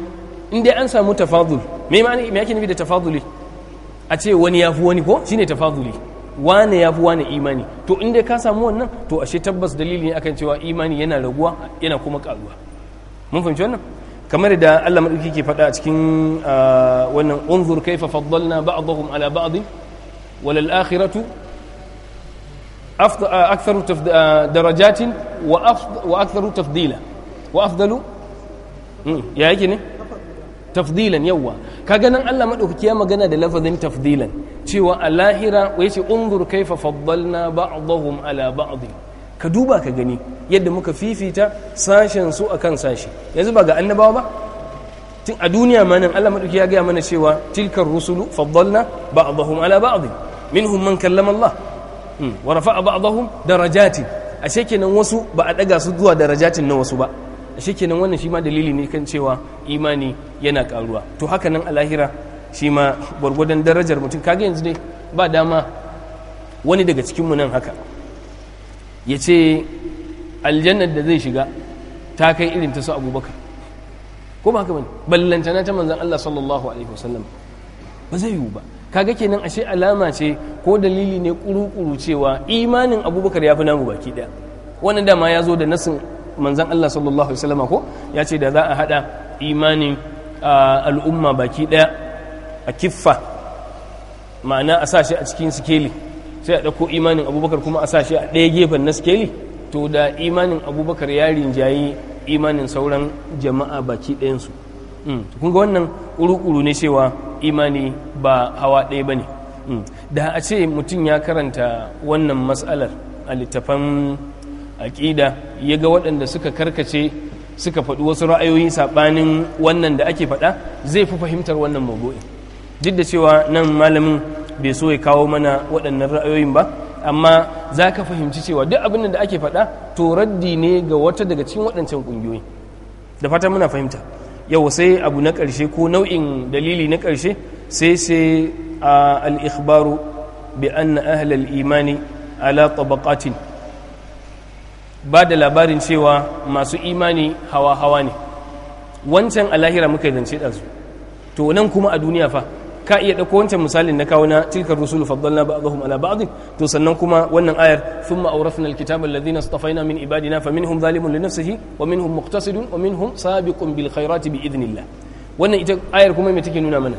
in dai an samu tafadul me ma'ana me yake da tafaduli a ce wani ya fi wani ko shine tafaduli wane ya fi wane imani to in dai ka samu wannan to ashe tabbas dalili ne akan cewa imani yana raguwa yana kuma karuwa mun fahimci wannan kamar da Allah madauki ke faɗa a cikin wannan unzur kaifa faddalna ba'dahum ala ba'd wal akhiratu أكثر درجات وأكثر تفضيلا وأفضل يا يعني تفضيلا يوا ka Allah maɗaukaki ya magana da lafazin tafdilan cewa a lahira wa yace unzur kaifa faddalna ba'dahum ala ba'd ka duba ka gani yadda muka fifita sashen su akan sashi yanzu ba ga annabawa ba tun a duniya ma nan Allah maɗaukaki ya gaya mana cewa tilkar rusulu faddalna ba'dahum ala ba'd minhum man kallama Allah hmm. wa rafa'a ba'dahum darajatin ashe kenan wasu ba a daga su zuwa darajatin na wasu ba shi kenan wannan shi ma dalili ne kan cewa imani yana karuwa to haka nan a lahira shi ma gwargwadon darajar mutum kaga yanzu ne ba dama wani daga cikinmu nan haka ya ce aljannar da zai shiga ta kai irin ta su abubakar ko ba haka ballanta na ta manzan Allah sallallahu alaihi wasallam ba zai yiwu ba kaga kenan ashe alama ce ko dalili ne kuru-kuru cewa imanin abubakar ya fi namu baki daya wannan dama ya zo da nasin manzan Allah sallallahu alaihi wasallam ko ya ce da za a hada imanin al'umma baki daya a kiffa ma'ana a sashi a cikin sikeli sai a ɗauko imanin abubakar kuma a sashi a ɗaya gefen na sikeli to da imanin abubakar ya rinjayi imanin sauran jama'a baki ɗayansu mm, kun ga wannan ƙuruƙuru ne cewa imani ba hawa ɗaya ba ne mm, da a ce mutum ya karanta wannan matsalar a littafan aƙida ya ga waɗanda suka karkace suka faɗi wasu ra'ayoyi saɓanin wannan da ake faɗa zai fi fahimtar wannan mabu'in duk da cewa nan malamin bai so ya kawo mana waɗannan ra'ayoyin ba amma za ka fahimci cewa duk abin da ake faɗa to raddi ne ga wata daga cikin waɗancan ƙungiyoyi da fata muna fahimta yau sai abu na ƙarshe ko nau'in dalili na ƙarshe sai sai a ikhbaru bi anna ahlal imani ala tabaqatin ba da labarin cewa masu imani hawa-hawa ne wancan a lahira muka yi zance ɗansu to nan kuma a duniya fa ka iya ɗauko wancan misalin na kawo na tilkar rusulu faddalna ba'dhum ala ba'd to sannan kuma wannan ayar thumma awrathna alkitaba alladhina stafaina min ibadina faminhum zalimun li nafsihi wa minhum muqtasidun wa hum sabiqun bil khairati bi idnillah wannan ita ayar kuma me take nuna mana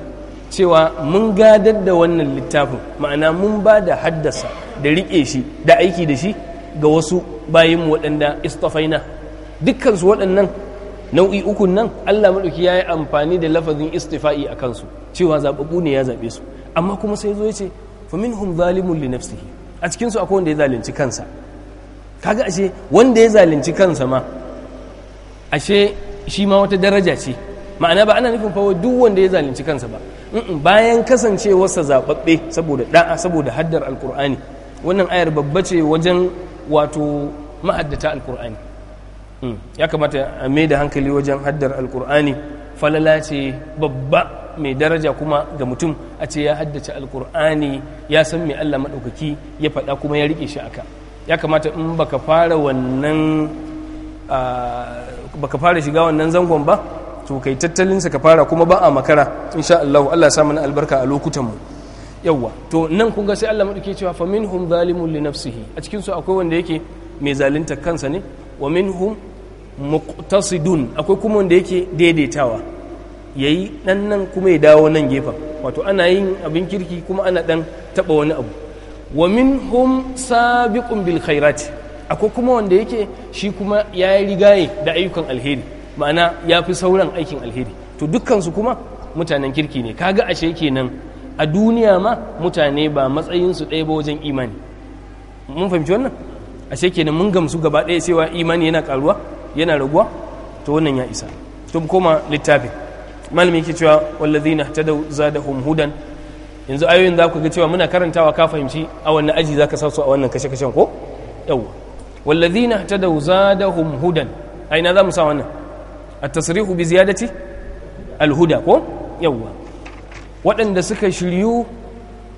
cewa mun gadar da wannan littafin ma'ana mun ba da haddasa da rike shi da aiki da shi ga wasu bayin waɗanda istafaina dukkansu waɗannan nau'i ukun nan Allah maɗauki ya yi amfani da lafazin istifa'i a kansu cewa zaɓaɓɓu ne ya zaɓe su amma kuma sai zo ya ce fa minhum zalimun li nafsihi a cikinsu akwai wanda ya zalunci kansa kaga ashe wanda ya zalunci kansa ma ashe shi ma wata daraja ce ma'ana ba ana nufin fa duk wanda ya zalunci kansa ba bayan kasancewarsa zaɓaɓɓe saboda da'a saboda haddar alkur'ani wannan ayar babba ce wajen wato ma'addata alkur'ani hmm. ya kamata a mai da hankali wajen haddar alkur'ani falala ce babba mai daraja kuma ga mutum a ce ya haddace alkur'ani ya san mai allah maɗaukaki ya faɗa kuma ya riƙe shi aka ya kamata in baka fara fara shiga wannan zangon ba to kai tattalinsa ka fara kuma ba a makara insha Allah Allah sa albarka a lokutan mu yawwa to nan kun ga sai Allah madauke cewa fa minhum zalimun li nafsihi a cikin su akwai wanda yake mai zalunta kansa ne wa minhum muqtasidun akwai kuma wanda yake daidaitawa yayi dan nan kuma ya dawo nan gefen wato ana yin abin kirki kuma ana dan taba wani abu wa minhum sabiqun bil khairati akwai kuma wanda yake shi kuma ya rigaye da ayyukan alheri ma'ana ya fi sauran aikin alheri to dukkan su kuma mutanen kirki ne kaga ashe kenan a duniya ma mutane ba matsayinsu ɗaya ba wajen imani mun fahimci wannan ashe kenan mun gamsu gaba ɗaya cewa imani yana karuwa yana raguwa ta wannan ya isa to koma littafin malami yake cewa wallazina za da hudan yanzu ayoyin za ku ga cewa muna karantawa ka fahimci a wannan aji za ka sa su a wannan kashe-kashen ko yawwa wallazina tadaw zadahum hudan aina za mu sa wannan at-tasrihu bi ziyadati al ko yawwa waɗanda suka shiryu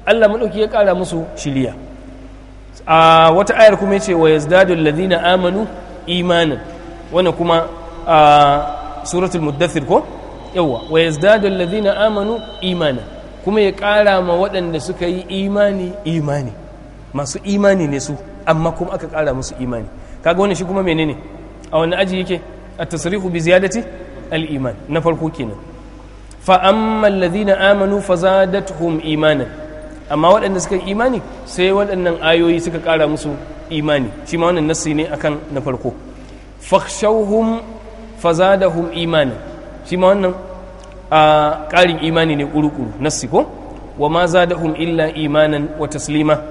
Allah maɗauki ya ƙara musu shirya a wata ayar kuma ce wa yazdadu ladina amanu imanin Wani kuma a suratul muddathir ko yawa wa yazdadu ladina amanu imanin kuma ya ƙara ma waɗanda suka yi imani imani masu imani ne su amma kuma aka ƙara musu imani kaga wani shi kuma menene a wani aji yake a tasrihu bi ziyadati al-iman na farko kenan fa amanu fa amanu fazadatuhum imanan amma waɗanda suka yi imani sai waɗannan ayoyi suka ƙara musu imani shi ma wannan nassi ne akan na farko fakhshawhum fazadahum imanan shi ma wannan ƙarin imani ne ƙuruƙuru nassi ko wa ma zadahum illa imanin wa taslima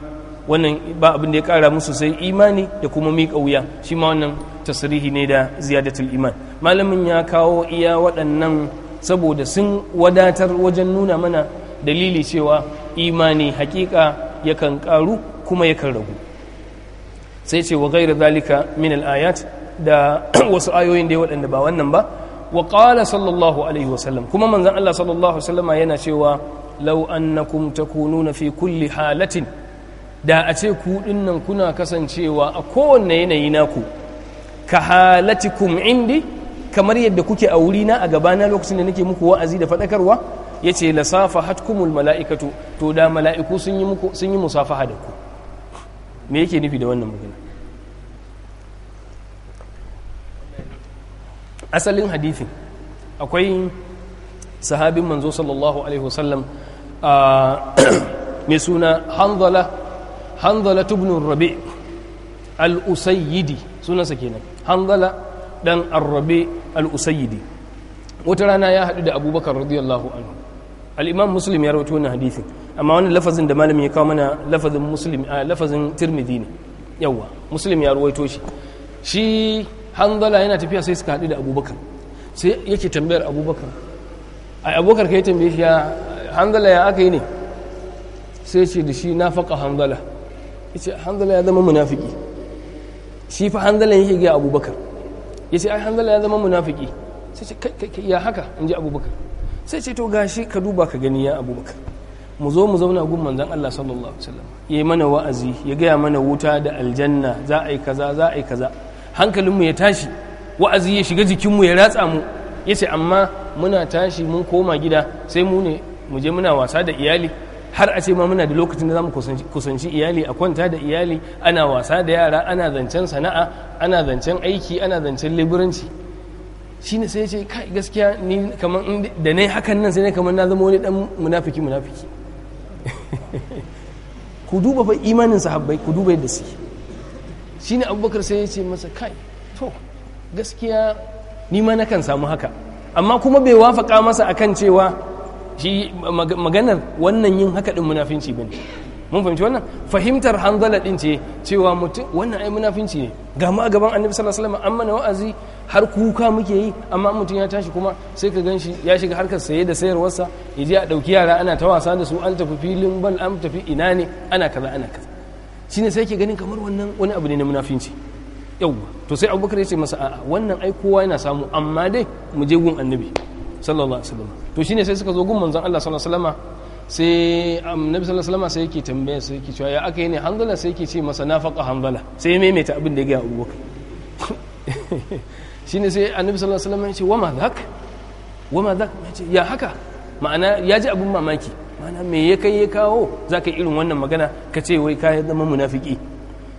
wannan ba abin da ya ƙara musu sai imani da kuma miƙa wuya shi ma wannan tasirihi ne da ziyadatul iman malamin ya kawo iya waɗannan saboda sun wadatar wajen nuna mana dalili cewa imani hakika yakan karu kuma yakan ragu sai ce wa gaira zalika min al-ayat da wasu ayoyin da waɗanda ba wannan ba wa ƙala sallallahu alaihi wasallam kuma manzon Allah sallallahu alaihi yana cewa law annakum takununa fi kulli halatin da a ce ku kuna kasancewa a kowanne yanayi naku ka halatikum indi kamar yadda kuke a wurina a gabana lokacin da nake muku wa'azi da faɗakarwa ya ce lasafa hatkumul mala'ikatu to da mala'iku sun yi musafaha da ku me yake nufi da wannan magana asalin hadithin akwai sahabin manzo sallallahu alaihi wasallam mai suna hanzala hanzala tubnun rabi al-usayyidi sunansa kenan hanzala dan arrabe al wata rana ya haɗu da abubakar radiyallahu anhu al-imam muslim ya rawaito wannan hadithin amma wani lafazin da malamin ya kawo mana lafazin muslim a lafazin tirmidhi ne yawa muslim ya rawaito shi shi hanzala yana tafiya sai suka haɗu da abubakar sai yake tambayar abubakar a abubakar kai tambaye shi ya hanzala ya aka yi ne sai ce da shi na faƙa hanzala yace hanzala ya zama munafiki shi fa hanzalan yake ga abubakar ya ce ai hanzala ya zama munafiki sai ce ya haka in ji abubakar sai ce to gashi ka duba ka gani ya abubakar mu zo mu zauna gun manzan Allah sallallahu alaihi wasallam ya yi mana wa'azi ya gaya mana wuta da aljanna za a yi kaza za a yi kaza hankalinmu ya tashi wa'azi ya shiga jikinmu ya ratsa mu ya ce amma muna tashi mun koma gida sai mu ne mu je muna wasa da iyali har a ce ma muna da lokacin da za mu kusanci iyali a kwanta da iyali ana wasa da yara ana zancen sana'a ana zancen aiki ana zancen shi ne sai ce kai gaskiya ni kamar da nayi hakan nan sai ne kamar na zama wani dan munafiki munafiki ku duba fa imanin sahabbai ku duba yadda su shi ne abubakar sai ya ce masa kai to gaskiya ni ma nakan samu haka amma kuma bai wafaka masa akan cewa shi maganar wannan yin haka din munafinci bane mun fahimci wannan fahimtar hanzala din ce cewa mutum wannan ai munafinci ne ga ma a gaban annabi sallallahu alaihi wasallam amma na wa'azi har kuka muke yi amma mutum ya tashi kuma sai ka ganshi ya shiga harkar saye da sayarwarsa ya je a dauki yara ana ta wasa da su an tafi filin bal an tafi ina ne ana kaza ana kaza shine sai ke ganin kamar wannan wani abu ne na munafinci yauwa to sai abubakar ya ce masa a'a wannan ai kowa yana samu amma dai mu je gun annabi sallallahu alaihi wasallam to shine sai suka zo gun manzon Allah sallallahu alaihi wasallam sai annabi um, sallallahu alaihi wasallam sai yake tambaya sai yake cewa ya aka yi ne hanzala sai yake ce masa nafaqa hanzala sai maimaita abin da ya ga abubakar shine sai annabi sallallahu alaihi wasallam ya ce wa ma dhak wa ma dhak ya ya haka ma'ana ya ji abin mamaki ma'ana me ya kai ya kawo zaka ka irin wannan magana ka ce wai ka zama munafiki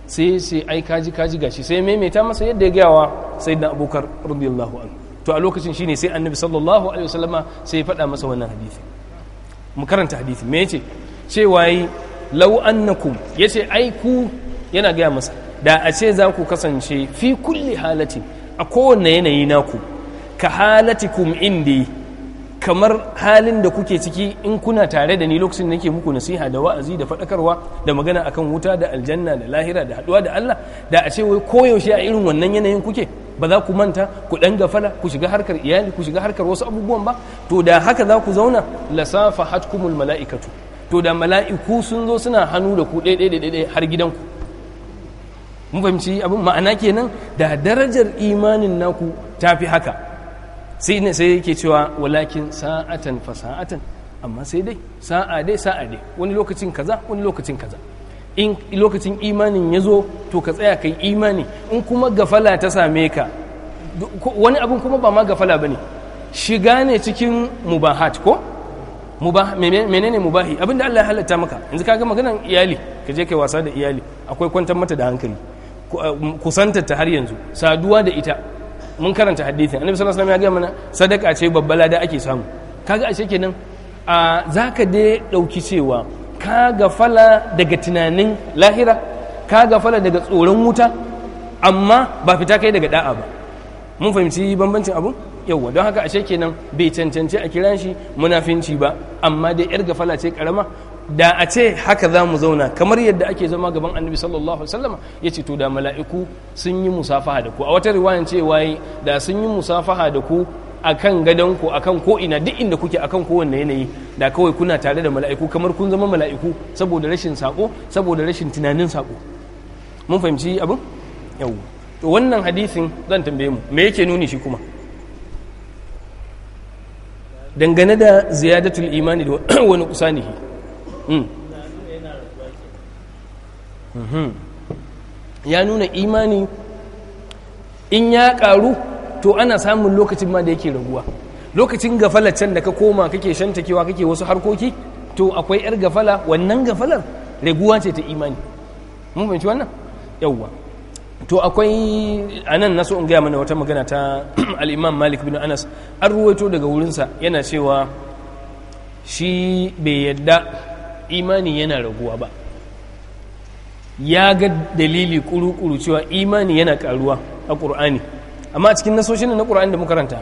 sai sai ai kaji kaji gashi sai maimaita masa yadda ya gawa sai da abokar radiyallahu anhu to a lokacin shine sai annabi sallallahu alaihi wasallama sai ya faɗa masa wannan hadisi mu karanta hadisi me yace cewa yi law annakum yace ai ku yana gaya masa da a ce za ku kasance fi kulli halati a kowane yanayi naku ka halatikum indi kamar halin da kuke ciki in kuna tare da ni lokacin da nake muku nasiha da wa'azi da faɗakarwa da magana akan wuta da aljanna da lahira da haɗuwa da Allah da a ce wai koyaushe a irin wannan yanayin kuke ba za ku manta ku ɗan gafala ku shiga harkar iyali ku shiga harkar wasu abubuwan ba to da haka za ku zauna lasafa hatkumul mala'ikatu to da mala'iku sun zo suna hannu da ku ɗaya har gidanku mun fahimci abin ma'ana kenan da darajar imanin naku ta fi haka sai ne sai yake cewa walakin sa'atan fa sa'atan amma sai dai sa'a dai sa'a dai wani lokacin kaza wani lokacin kaza in lokacin imanin ya zo to ka tsaya ka imani in kuma gafala ta same ka wani abin kuma ba ma gafala ba ne shiga ne cikin mubahat ko menene mubahi abin da Allah ya halatta maka yanzu ka ga maganan iyali ka je kai wasa da iyali akwai kwantar mata da hankali eh, kusantar ta har yanzu saduwa da ita mun karanta hadisin annabi sallallahu alaihi wasallam ya ga mana sadaka ce babbala da ake samu kaga ashe kenan a zaka dai dauki cewa ka gafala daga tunanin lahira ka gafala daga tsoron wuta amma ba fita kai daga da'a ba mun fahimci bambancin abu yauwa don haka ashe kenan bai cancanci a kiran shi munafinci ba amma dai yar gafala ce karama da a ce haka za mu zauna kamar yadda ake zama gaban annabi sallallahu alaihi wasallam ya ce to da mala'iku sun yi musafaha da ku a wata riwayan ce waye da sun yi musafaha da ku akan gadonku a kan ko'ina duk inda kuke a kan kowanne yanayi da kawai kuna tare da mala'iku kamar kun zama mala'iku saboda rashin sako saboda rashin tunanin sako mun fahimci abin yau to wannan hadisin zan tambaye mu me yake nuni shi kuma dangane da ziyadatul imani da wani kusanihi hmm. hmm. ya nuna imani in ya karu to ana samun lokacin ma da yake raguwa lokacin gafalar can da ka koma kake shantakewa kake wasu harkoki to akwai yar gafala wannan gafalar raguwa ce ta imani mun fahimci wannan yawwa to akwai anan na so in gaya mana wata magana ta al-imam malik bin anas an ruwaito daga wurinsa yana cewa shi bai yadda imani yana raguwa ba ya ga dalili kuru-kuru cewa imani yana karuwa a ƙur'ani amma a cikin nasoshin na qur'ani da muka karanta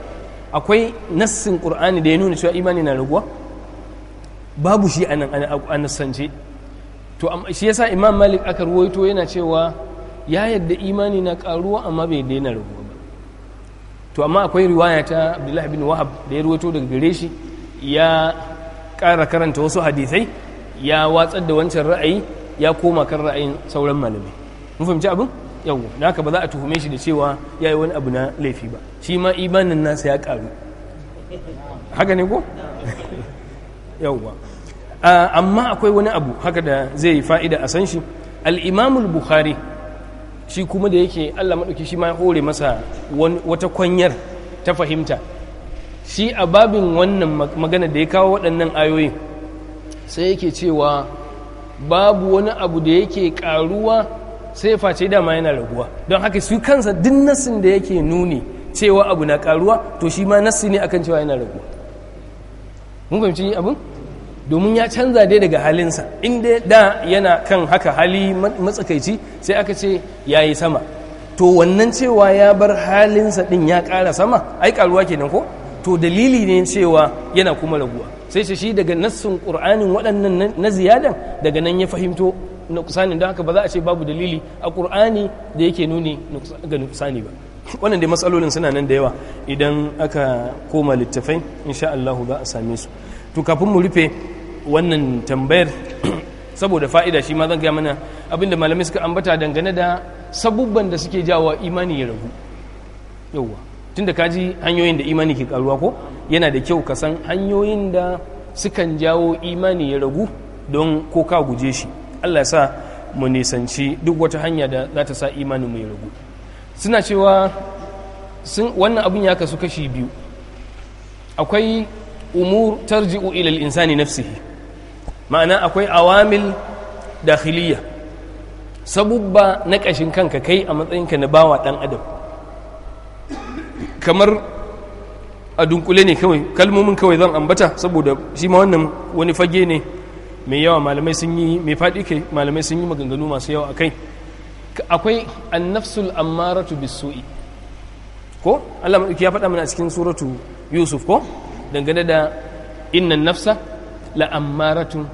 akwai nassin ƙur'ani da ya nuna cewa imani na raguwa babu shi a nan a nassance to shi yasa imam malik aka ruwaito yana cewa ya yadda imani na karuwa amma bai daina raguwa ba to amma akwai riwaya ta abdullahi bin wahab da ya ruwaito daga gare shi ya ƙara karanta wasu hadisai ya watsar da wancan ra'ayi ya koma kan ra'ayin sauran malamai mun fahimci abin yau da haka ba za a tuhume shi da cewa ya yi wani abu na laifi ba shi ma imanin nasa ya karu haka ne ko yauwa amma akwai wani abu haka da zai yi fa'ida a san shi al'imamul buhari shi kuma da yake allah maɗauki shi ma ya hore masa wata kwanyar ta fahimta shi a babin wannan magana da ya kawo waɗannan ayoyi sai yake cewa babu wani abu da yake ƙaruwa sai face dama yana raguwa don haka su kansa duk nasin da yake nuni cewa abu na karuwa to shi ma nassi ne akan cewa yana raguwa mun fahimci abin domin ya canza dai daga halinsa inda da yana kan haka hali matsakaici sai aka ce ya yi sama to wannan cewa ya bar halinsa din ya kara sama ai karuwa kenan ko to dalili ne cewa yana kuma raguwa sai shi daga nassin ƙur'anin waɗannan na ziyadan daga nan ya fahimto nuksani don haka ba za a ce babu dalili a ƙur'ani da yake nuni ga nuksani ba wannan dai matsalolin suna nan da yawa idan aka koma littafai insha Allah za a same su to kafin mu rufe wannan tambayar saboda fa'ida shi ma zan gaya mana abinda malamai suka ambata dangane da sabubban da suke jawo imani ya ragu yauwa tun ka ji hanyoyin da imani ke karuwa ko yana da kyau ka san hanyoyin da sukan jawo imani ya ragu don ko ka guje shi Allah ya sa mu nisanci duk wata hanya da za ta sa imanin mu ya ragu suna cewa wannan abun ya kasu kashi biyu akwai umur tarji'u ila al-insani nafsihi ma'ana akwai awamil dakhiliya sabubba na kashin kanka kai a matsayin ka na bawa dan adam kamar a dunkule ne kawai kalmomin kawai zan ambata saboda shi ma wannan wani fage ne mai yawa malamai sun yi mai faɗi ke malamai sun yi maganganu masu yawa a kai akwai annafsul ammaratu bisu'i ko Allah ma ya faɗa mana a cikin suratu Yusuf ko dangane da inna nafsa la ammaratu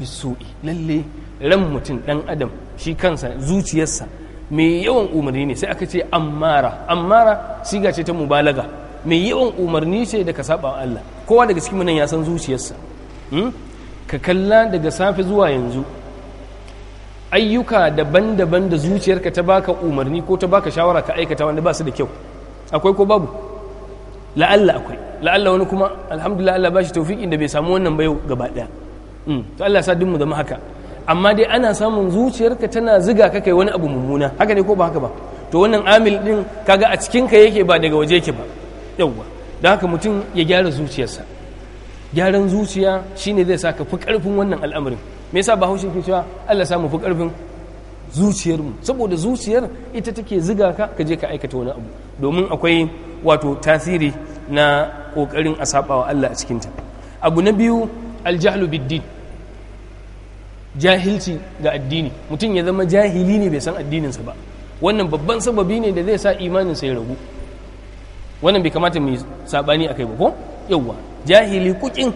bisu'i lalle ran mutum dan adam shi kansa zuciyarsa mai yawan umarni ne sai aka ce ammara ammara siga ce ta mubalaga mai yawan umarni ce da ka saba Allah kowa daga cikin nan ya san zuciyarsa hmm? ka kalla daga safe zuwa yanzu ayyuka daban-daban da zuciyarka ta baka umarni ko ta baka shawara ka aikata wanda ba su da kyau akwai ko babu la'alla akwai la'alla wani kuma alhamdulillah Allah ba shi taufiƙin da bai samu wannan ba yau gaba ɗaya mm. to Allah sa mu zama haka amma dai ana samun zuciyarka tana ziga ka kai wani abu mummuna haka ne ko ba haka ba to wannan amil din kaga a cikin ka yake ba daga waje yake ba yauwa don haka mutum ya gyara zuciyarsa gyaran zuciya shi ne zai sa ka fi karfin wannan al'amarin me yasa bahaushe ke cewa Allah samu fi karfin zuciyarmu saboda zuciyar ita take ziga ka ka je ka aikata wani abu domin akwai wato tasiri na kokarin a sabawa Allah a cikinta abu na biyu aljahlu biddin jahilci ga addini mutum ya zama jahili ne bai san addininsa ba wannan babban sababi ne da zai sa imaninsa ya ragu wannan bai kamata mu yi sabani akai ba ko yawwa jahili kukin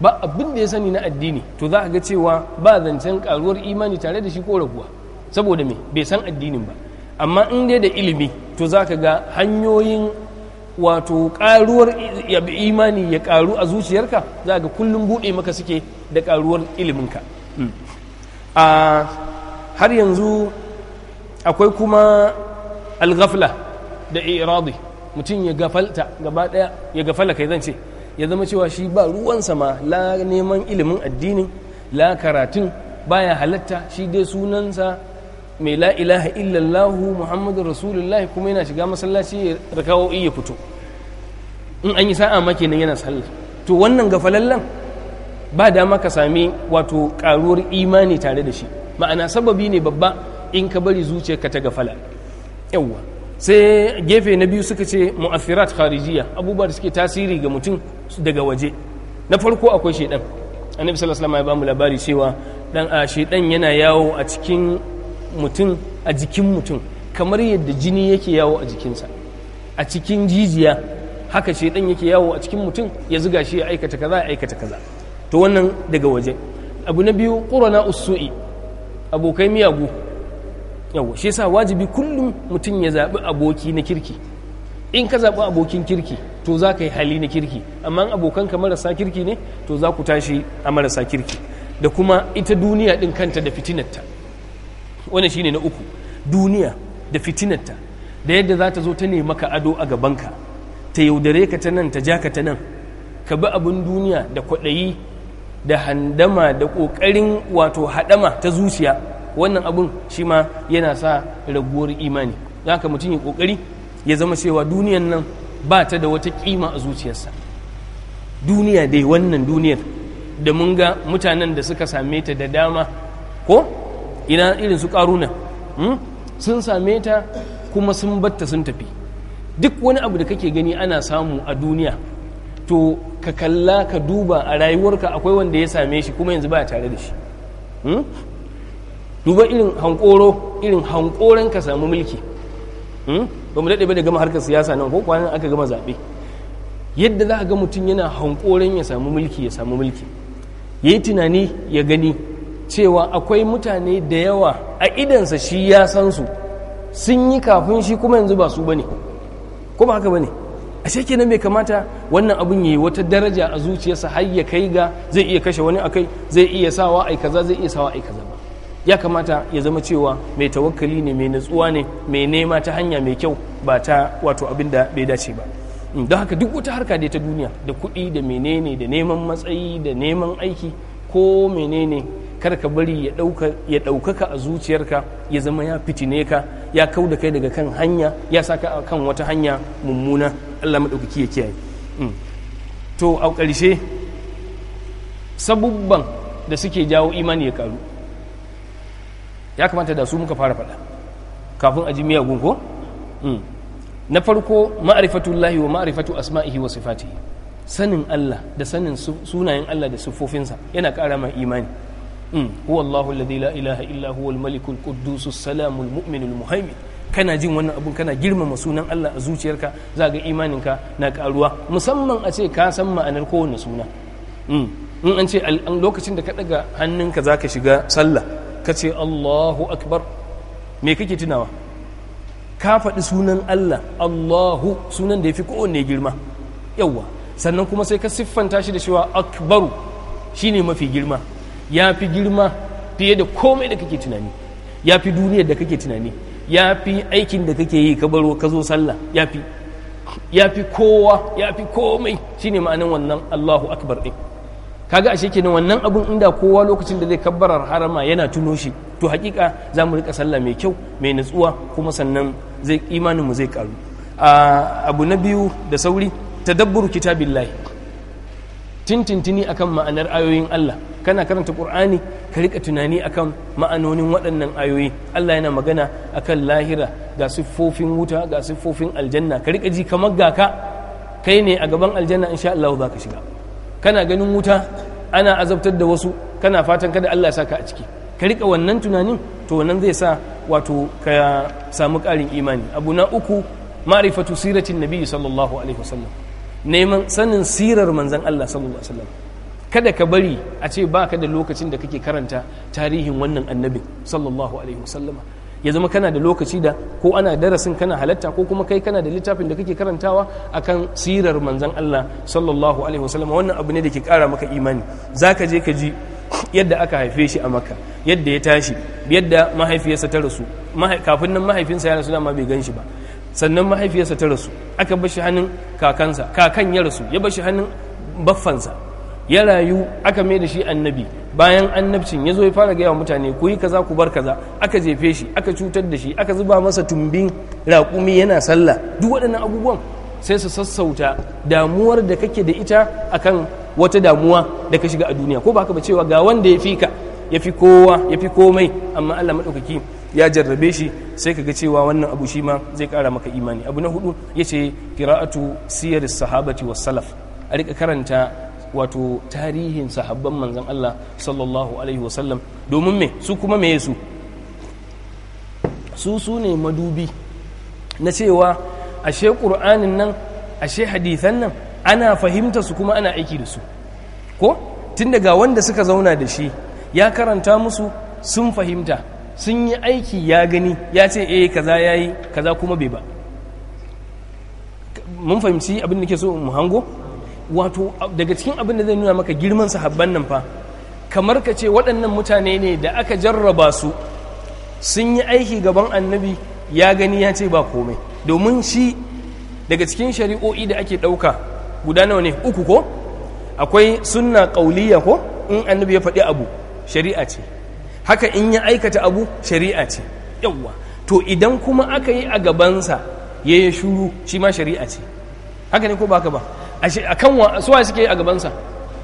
ba abin da ya sani na addini to za a ga cewa ba zancen karuwar imani tare da shi ko raguwa saboda me bai san addinin ba amma in dai da ilimi to za ka ga hanyoyin wato karuwar imani ya karu a zuciyarka za a ga kullum buɗe maka suke da karuwar iliminka hmm. a har yanzu akwai kuma alghafla da iradi mutum ya gafalta gaba daya ya gafala kai zan ya zama cewa shi ba ruwan sama la neman ilimin addinin la karatun baya halatta shi dai sunansa mai la ilaha illallahu muhammadu rasulullahi kuma yana shiga masallaci ya rakawo iya fito in an yi sa'a ma kenan yana sallah to wannan gafalallan ba dama ka sami wato karuwar imani tare da shi ma'ana sababi ne babba in ka bari zuciyarka ta gafala yawwa sai gefe na biyu suka ce mu'athirat kharijiya abubuwa da suke tasiri ga mutum daga waje na farko akwai shedan annabi sallallahu alaihi ya bamu labari cewa dan a shedan yana yawo a cikin mutum a jikin mutum kamar yadda jini yake yawo a jikinsa a cikin jijiya haka shedan yake yawo a cikin mutum ya zuga shi ya aikata kaza ya aikata kaza to wannan daga waje abu na biyu qurana usu'i abokai miyagu yawo shi yasa wajibi kullum mutum ya zaɓi aboki na kirki in ka zaɓi abokin kirki to za ka yi hali na kirki amma abokanka marasa kirki ne to za ku tashi a marasa kirki da kuma ita duniya ɗin kanta da fitinarta shi ne na uku duniya da fitinarta da yadda za ta zo ta nema ka ado a gabanka ta yaudare ka ta nan ta ja ka ta nan ka bi abin duniya da kwaɗayi da handama da ƙoƙarin wato haɗama ta zuciya wannan abun shi ma yana sa raguwar imani za ka mutum ya kokari ya zama cewa duniyan nan ba ta da wata kima a zuciyarsa duniya dai wannan duniyar da mun ga mutanen da suka same ta da dama ko ina irin su karuna hmm? sun same ta kuma sun batta sun tafi duk wani abu da kake gani ana samu a duniya to ka kalla ka duba a rayuwarka akwai wanda ya same shi kuma yanzu ba tare da shi hmm? duba irin hankoro irin hankoron ka samu mulki hmm? ba mu daɗe ba da gama harkar siyasa nan ko kwanan aka gama zaɓe yadda za a ga mutum yana hankoron ya samu mulki ya samu mulki ya yi tunani ya gani cewa akwai mutane da yawa a idansa shi ya san su sun yi kafin shi kuma yanzu ba su ba ne ko ba haka ba ne a nan bai kamata wannan abin ya yi wata daraja a zuciyarsa har ya kai ga zai iya kashe wani akai zai iya sawa ai zai iya sawa ai ba ya kamata ya zama cewa mai tawakkali ne mai natsuwa ne mai nema ta hanya mai kyau ba ta wato abin da bai dace ba mm, don haka duk wata harka dai ta duniya da kuɗi da menene da neman matsayi da neman aiki ko menene kar ka bari ya ɗaukaka a zuciyarka ya zama ya fitine ka ya kau da kai daga kan hanya ya saka kan wata hanya mummuna allah maɗaukaki ya kiyaye mm. to a ƙarshe sabubban da suke jawo imani ya karu ya kamata da su muka fara faɗa kafin a ji miyagun ko hmm. na farko lahi wa ma'arifatu asma'ihi wa sifati sanin Allah da sanin sunayen Allah da siffofinsa yana ƙara mai imani hmm. huwa Allahu alladhi la ilaha illa huwa malikul quddus as-salamul mu'minul muhaimin kana jin wannan abun kana girmama sunan Allah a zuciyarka za ga imaninka na karuwa musamman a ce ka san ma'anar kowane suna hmm. in an ce lokacin da ka daga hannunka za ka shiga sallah ka ce Allahu akbar me kake tunawa ka faɗi sunan Allah Allahu sunan da ya fi kowane girma yawwa sannan kuma sai ka siffanta shi da cewa akbaru shine mafi girma ya fi girma fiye da komai da kake tunani ya fi duniyar da kake tunani ya fi aikin da kake yi ka baro ka zo sallah ya fi ya fi kowa ya fi komai shine ma'anin wannan Allahu akbar ɗin. kaga ashe kenan wannan abun inda kowa lokacin da zai kabbarar harama yana tuno shi to hakika za mu rika sallah mai kyau mai natsuwa kuma sannan zai imanin mu zai karu abu na biyu da sauri tadabburu kitabillahi tintintini akan ma'anar ayoyin Allah kana karanta Qur'ani ka rika tunani akan ma'anonin waɗannan ayoyi Allah yana magana akan lahira ga siffofin wuta ga siffofin aljanna ka rika ji kamar ga ka kai ne a gaban aljanna insha Allah za ka shiga kana ganin wuta ana azabtar da wasu kana fatan kada Allah ya saka a ciki ka rika wannan tunanin to wannan zai sa wato ka samu ƙarin imani abu na uku ma'rifatu siratin nabi sallallahu alaihi wasallam neman sanin sirar manzon Allah sallallahu alaihi wasallam kada ka bari a ce baka da lokacin da kake karanta tarihin wannan annabin sallallahu alaihi wasallam ya zama kana da lokaci da ko ana darasin kana halatta ko kuma kai kana da littafin da kake karantawa a kan sirar manzan Allah sallallahu alaihi wasallam wannan abu ne da ke kara maka imani zaka je ka ji yadda aka haife shi a makka yadda ya tashi yadda mahaifiyarsa ta rasu kafin nan mahaifinsa ya rasu dama bai gan shi ba sannan mahaifiyarsa ta rasu aka bashi hannun kakansa kakan ya rasu ya bashi hannun baffansa ya rayu aka mai da shi annabi bayan annabcin ya zo ya fara gaya wa mutane ku yi kaza ku bar kaza aka jefe shi aka cutar da shi aka zuba masa tumbin raƙumi yana sallah duk waɗannan abubuwan sai su sassauta damuwar da kake da ita akan wata damuwa da ka shiga a duniya ko ba ka ba cewa ga wanda ya fi ka ya fi kowa ya fi komai amma Allah maɗaukaki ya jarrabe shi sai ka ga cewa wannan abu shi ma zai kara maka imani abu na hudu ya ce kira'atu siyar sahabati was salaf a rika karanta wato tarihin sahabban manzan Allah sallallahu alaihi wasallam domin me su kuma me su su su ne madubi na cewa ashe ƙur'anin nan ashe hadithan nan ana fahimta su kuma ana aiki da su ko tun daga wanda suka zauna da shi ya karanta musu sun fahimta sun yi aiki ya gani ya ce eh kaza yi kaza kuma bai ba mun fahimci abin da ke so mu hango wato daga cikin abin da zai nuna maka girman sahabban nan fa kamar ka ce waɗannan mutane ne da aka jarraba su sun yi aiki gaban annabi ya gani ya ce ba komai domin shi daga cikin shari'o'i da ake ɗauka guda nawa ne uku ko akwai sunna ƙauliya ko in annabi ya faɗi abu shari'a ce haka in ya aikata abu shari'a ce yawwa to idan kuma aka yi a gabansa ya yi shuru shi ma shari'a ce haka ne ko ba ka ba ashe akan suwa suke a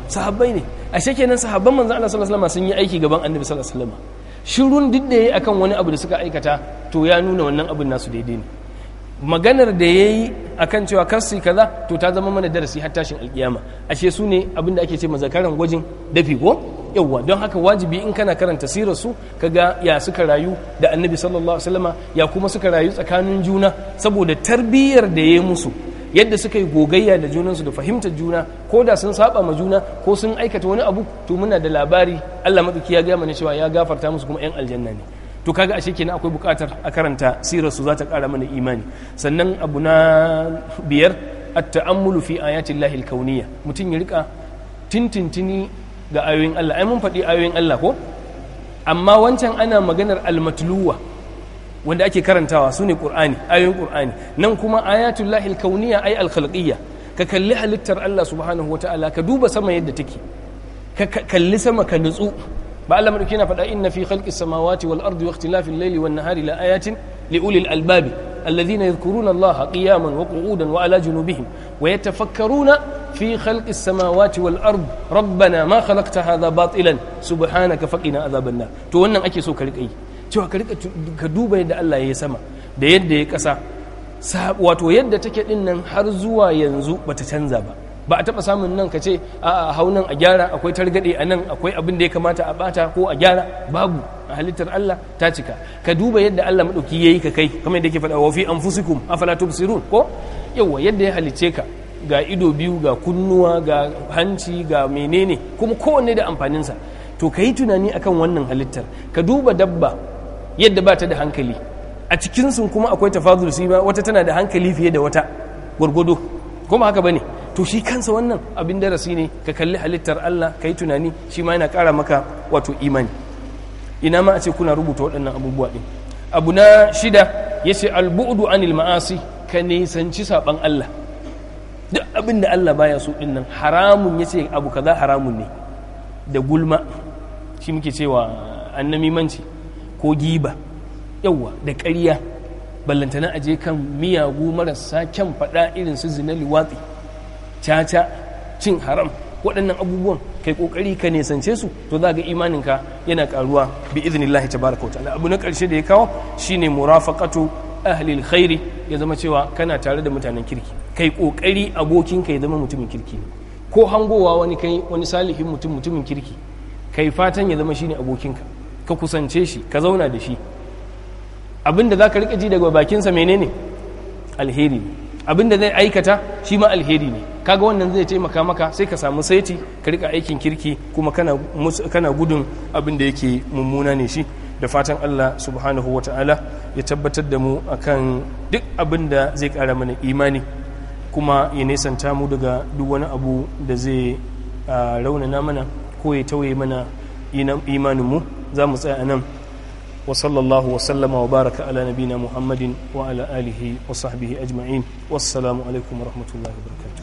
sahabbai ne ashe kenan sahabban manzo Allah sallallahu alaihi sun yi aiki gaban annabi sallallahu alaihi wasallam shirun duk da yayi akan wani abu da suka aikata to ya nuna wannan abin nasu daidai ne maganar da yayi akan cewa kasi kaza to ta zama mana darasi har tashin alkiyama ashe su ne abin da ake ce mazakaran gwajin dafi ko yawwa don haka wajibi in kana karanta sirar su ga ya suka rayu da annabi sallallahu alaihi ya kuma suka rayu tsakanin juna saboda tarbiyyar da yayi musu yadda suka yi gogayya da junansu da fahimtar juna ko da sun saba ma juna ko sun aikata wani abu to muna da labari Allah madauki ya gaya mana cewa ya gafarta musu kuma yan aljanna ne to kaga ashe kenan akwai bukatar a karanta sirar su za ta kara mana imani sannan abu na biyar at-ta'ammulu fi ayatillahi al-kauniyya mutum ya rika tintintini ga ayoyin Allah ai mun faɗi ayoyin Allah ko amma wancan ana maganar al-matluwa wanda ake karantawa su ne ƙur'ani ayoyin ƙur'ani nan kuma ayatul lahil kauniya ay al ka kalli halittar Allah subhanahu wa ta'ala ka duba sama yadda take ka kalli sama ka nutsu ba Allah madauki na faɗa inna fi khalqis samawati wal ardi wa ikhtilafil Laili wan nahari la ayatin li ulil albabi alladhina yadhkuruna Allah qiyaman wa qu'udan wa ala junubihim wa yatafakkaruna fi khalqis samawati wal ardi rabbana ma khalaqta hadha batilan subhanaka faqina adhaban nar to wannan ake so ka riƙa cewa ka rika ka duba yadda Allah ya yi sama da yadda ya ƙasa wato yadda take din nan har zuwa yanzu ba ta canza ba ba a taɓa samun nan ka ce a nan a gyara akwai targaɗe a nan akwai abin da ya kamata a bata ko a gyara babu a halittar Allah ta cika ka duba yadda Allah maɗauki ya yi ka kai kamar yadda ke faɗa wa fi an afala sirun ko yawa yadda ya halicce ka ga ido biyu ga kunnuwa ga hanci ga menene kuma kowanne da amfaninsa to ka yi tunani akan wannan halittar ka duba dabba yadda ba ta da hankali a cikinsu kuma akwai tafazul ba wata tana da hankali fiye da wata gwargwado kuma haka ba ne to shi kansa wannan abin darasi ne ka kalli halittar Allah ka yi tunani shi ma yana ƙara maka wato imani ina ma a ce kuna rubuta waɗannan abubuwa ɗin abu na shida ya ce albu'udu anil ma'asi ka nisanci saɓan Allah duk abin da Allah baya so ɗin nan haramun ya ce abu kaza haramun ne da gulma shi muke cewa annamimanci ko giba yauwa da ƙarya ballantana aje kan miyagu marasa kyan faɗa irin su zina liwatsi caca cin haram waɗannan abubuwan kai ƙoƙari ka nesance su to za ga imaninka yana ƙaruwa bi lahi ta baraka wata abu na ƙarshe da ya kawo shine murafaqatu ahlil khairi ya zama cewa kana tare da mutanen kirki kai ƙoƙari abokinka ya zama mutumin kirki ko hangowa wani kai wani salihin mutum mutumin kirki kai fatan ya zama shine abokinka ka kusance shi ka zauna da shi abin za ka rika ji daga bakinsa menene alheri ne abin da zai aikata shi ma alheri ne kaga wannan zai taimaka maka sai ka samu saiti ka rika aikin kirki kuma kana, gudun abinda yake mummuna ne shi da fatan Allah subhanahu wa ta'ala ya tabbatar da mu akan duk abin da zai kara mana imani kuma ya nesanta mu daga duk wani abu da zai ah, raunana mana ko ya tauye mana imanin mu za mu tsaya nan wa sallallahu wa sallama wa baraka ala nabina muhammadin wa ala alihi wa sahbihi ajma'in wassalamu alaikum wa rahmatullahi wa barakatuh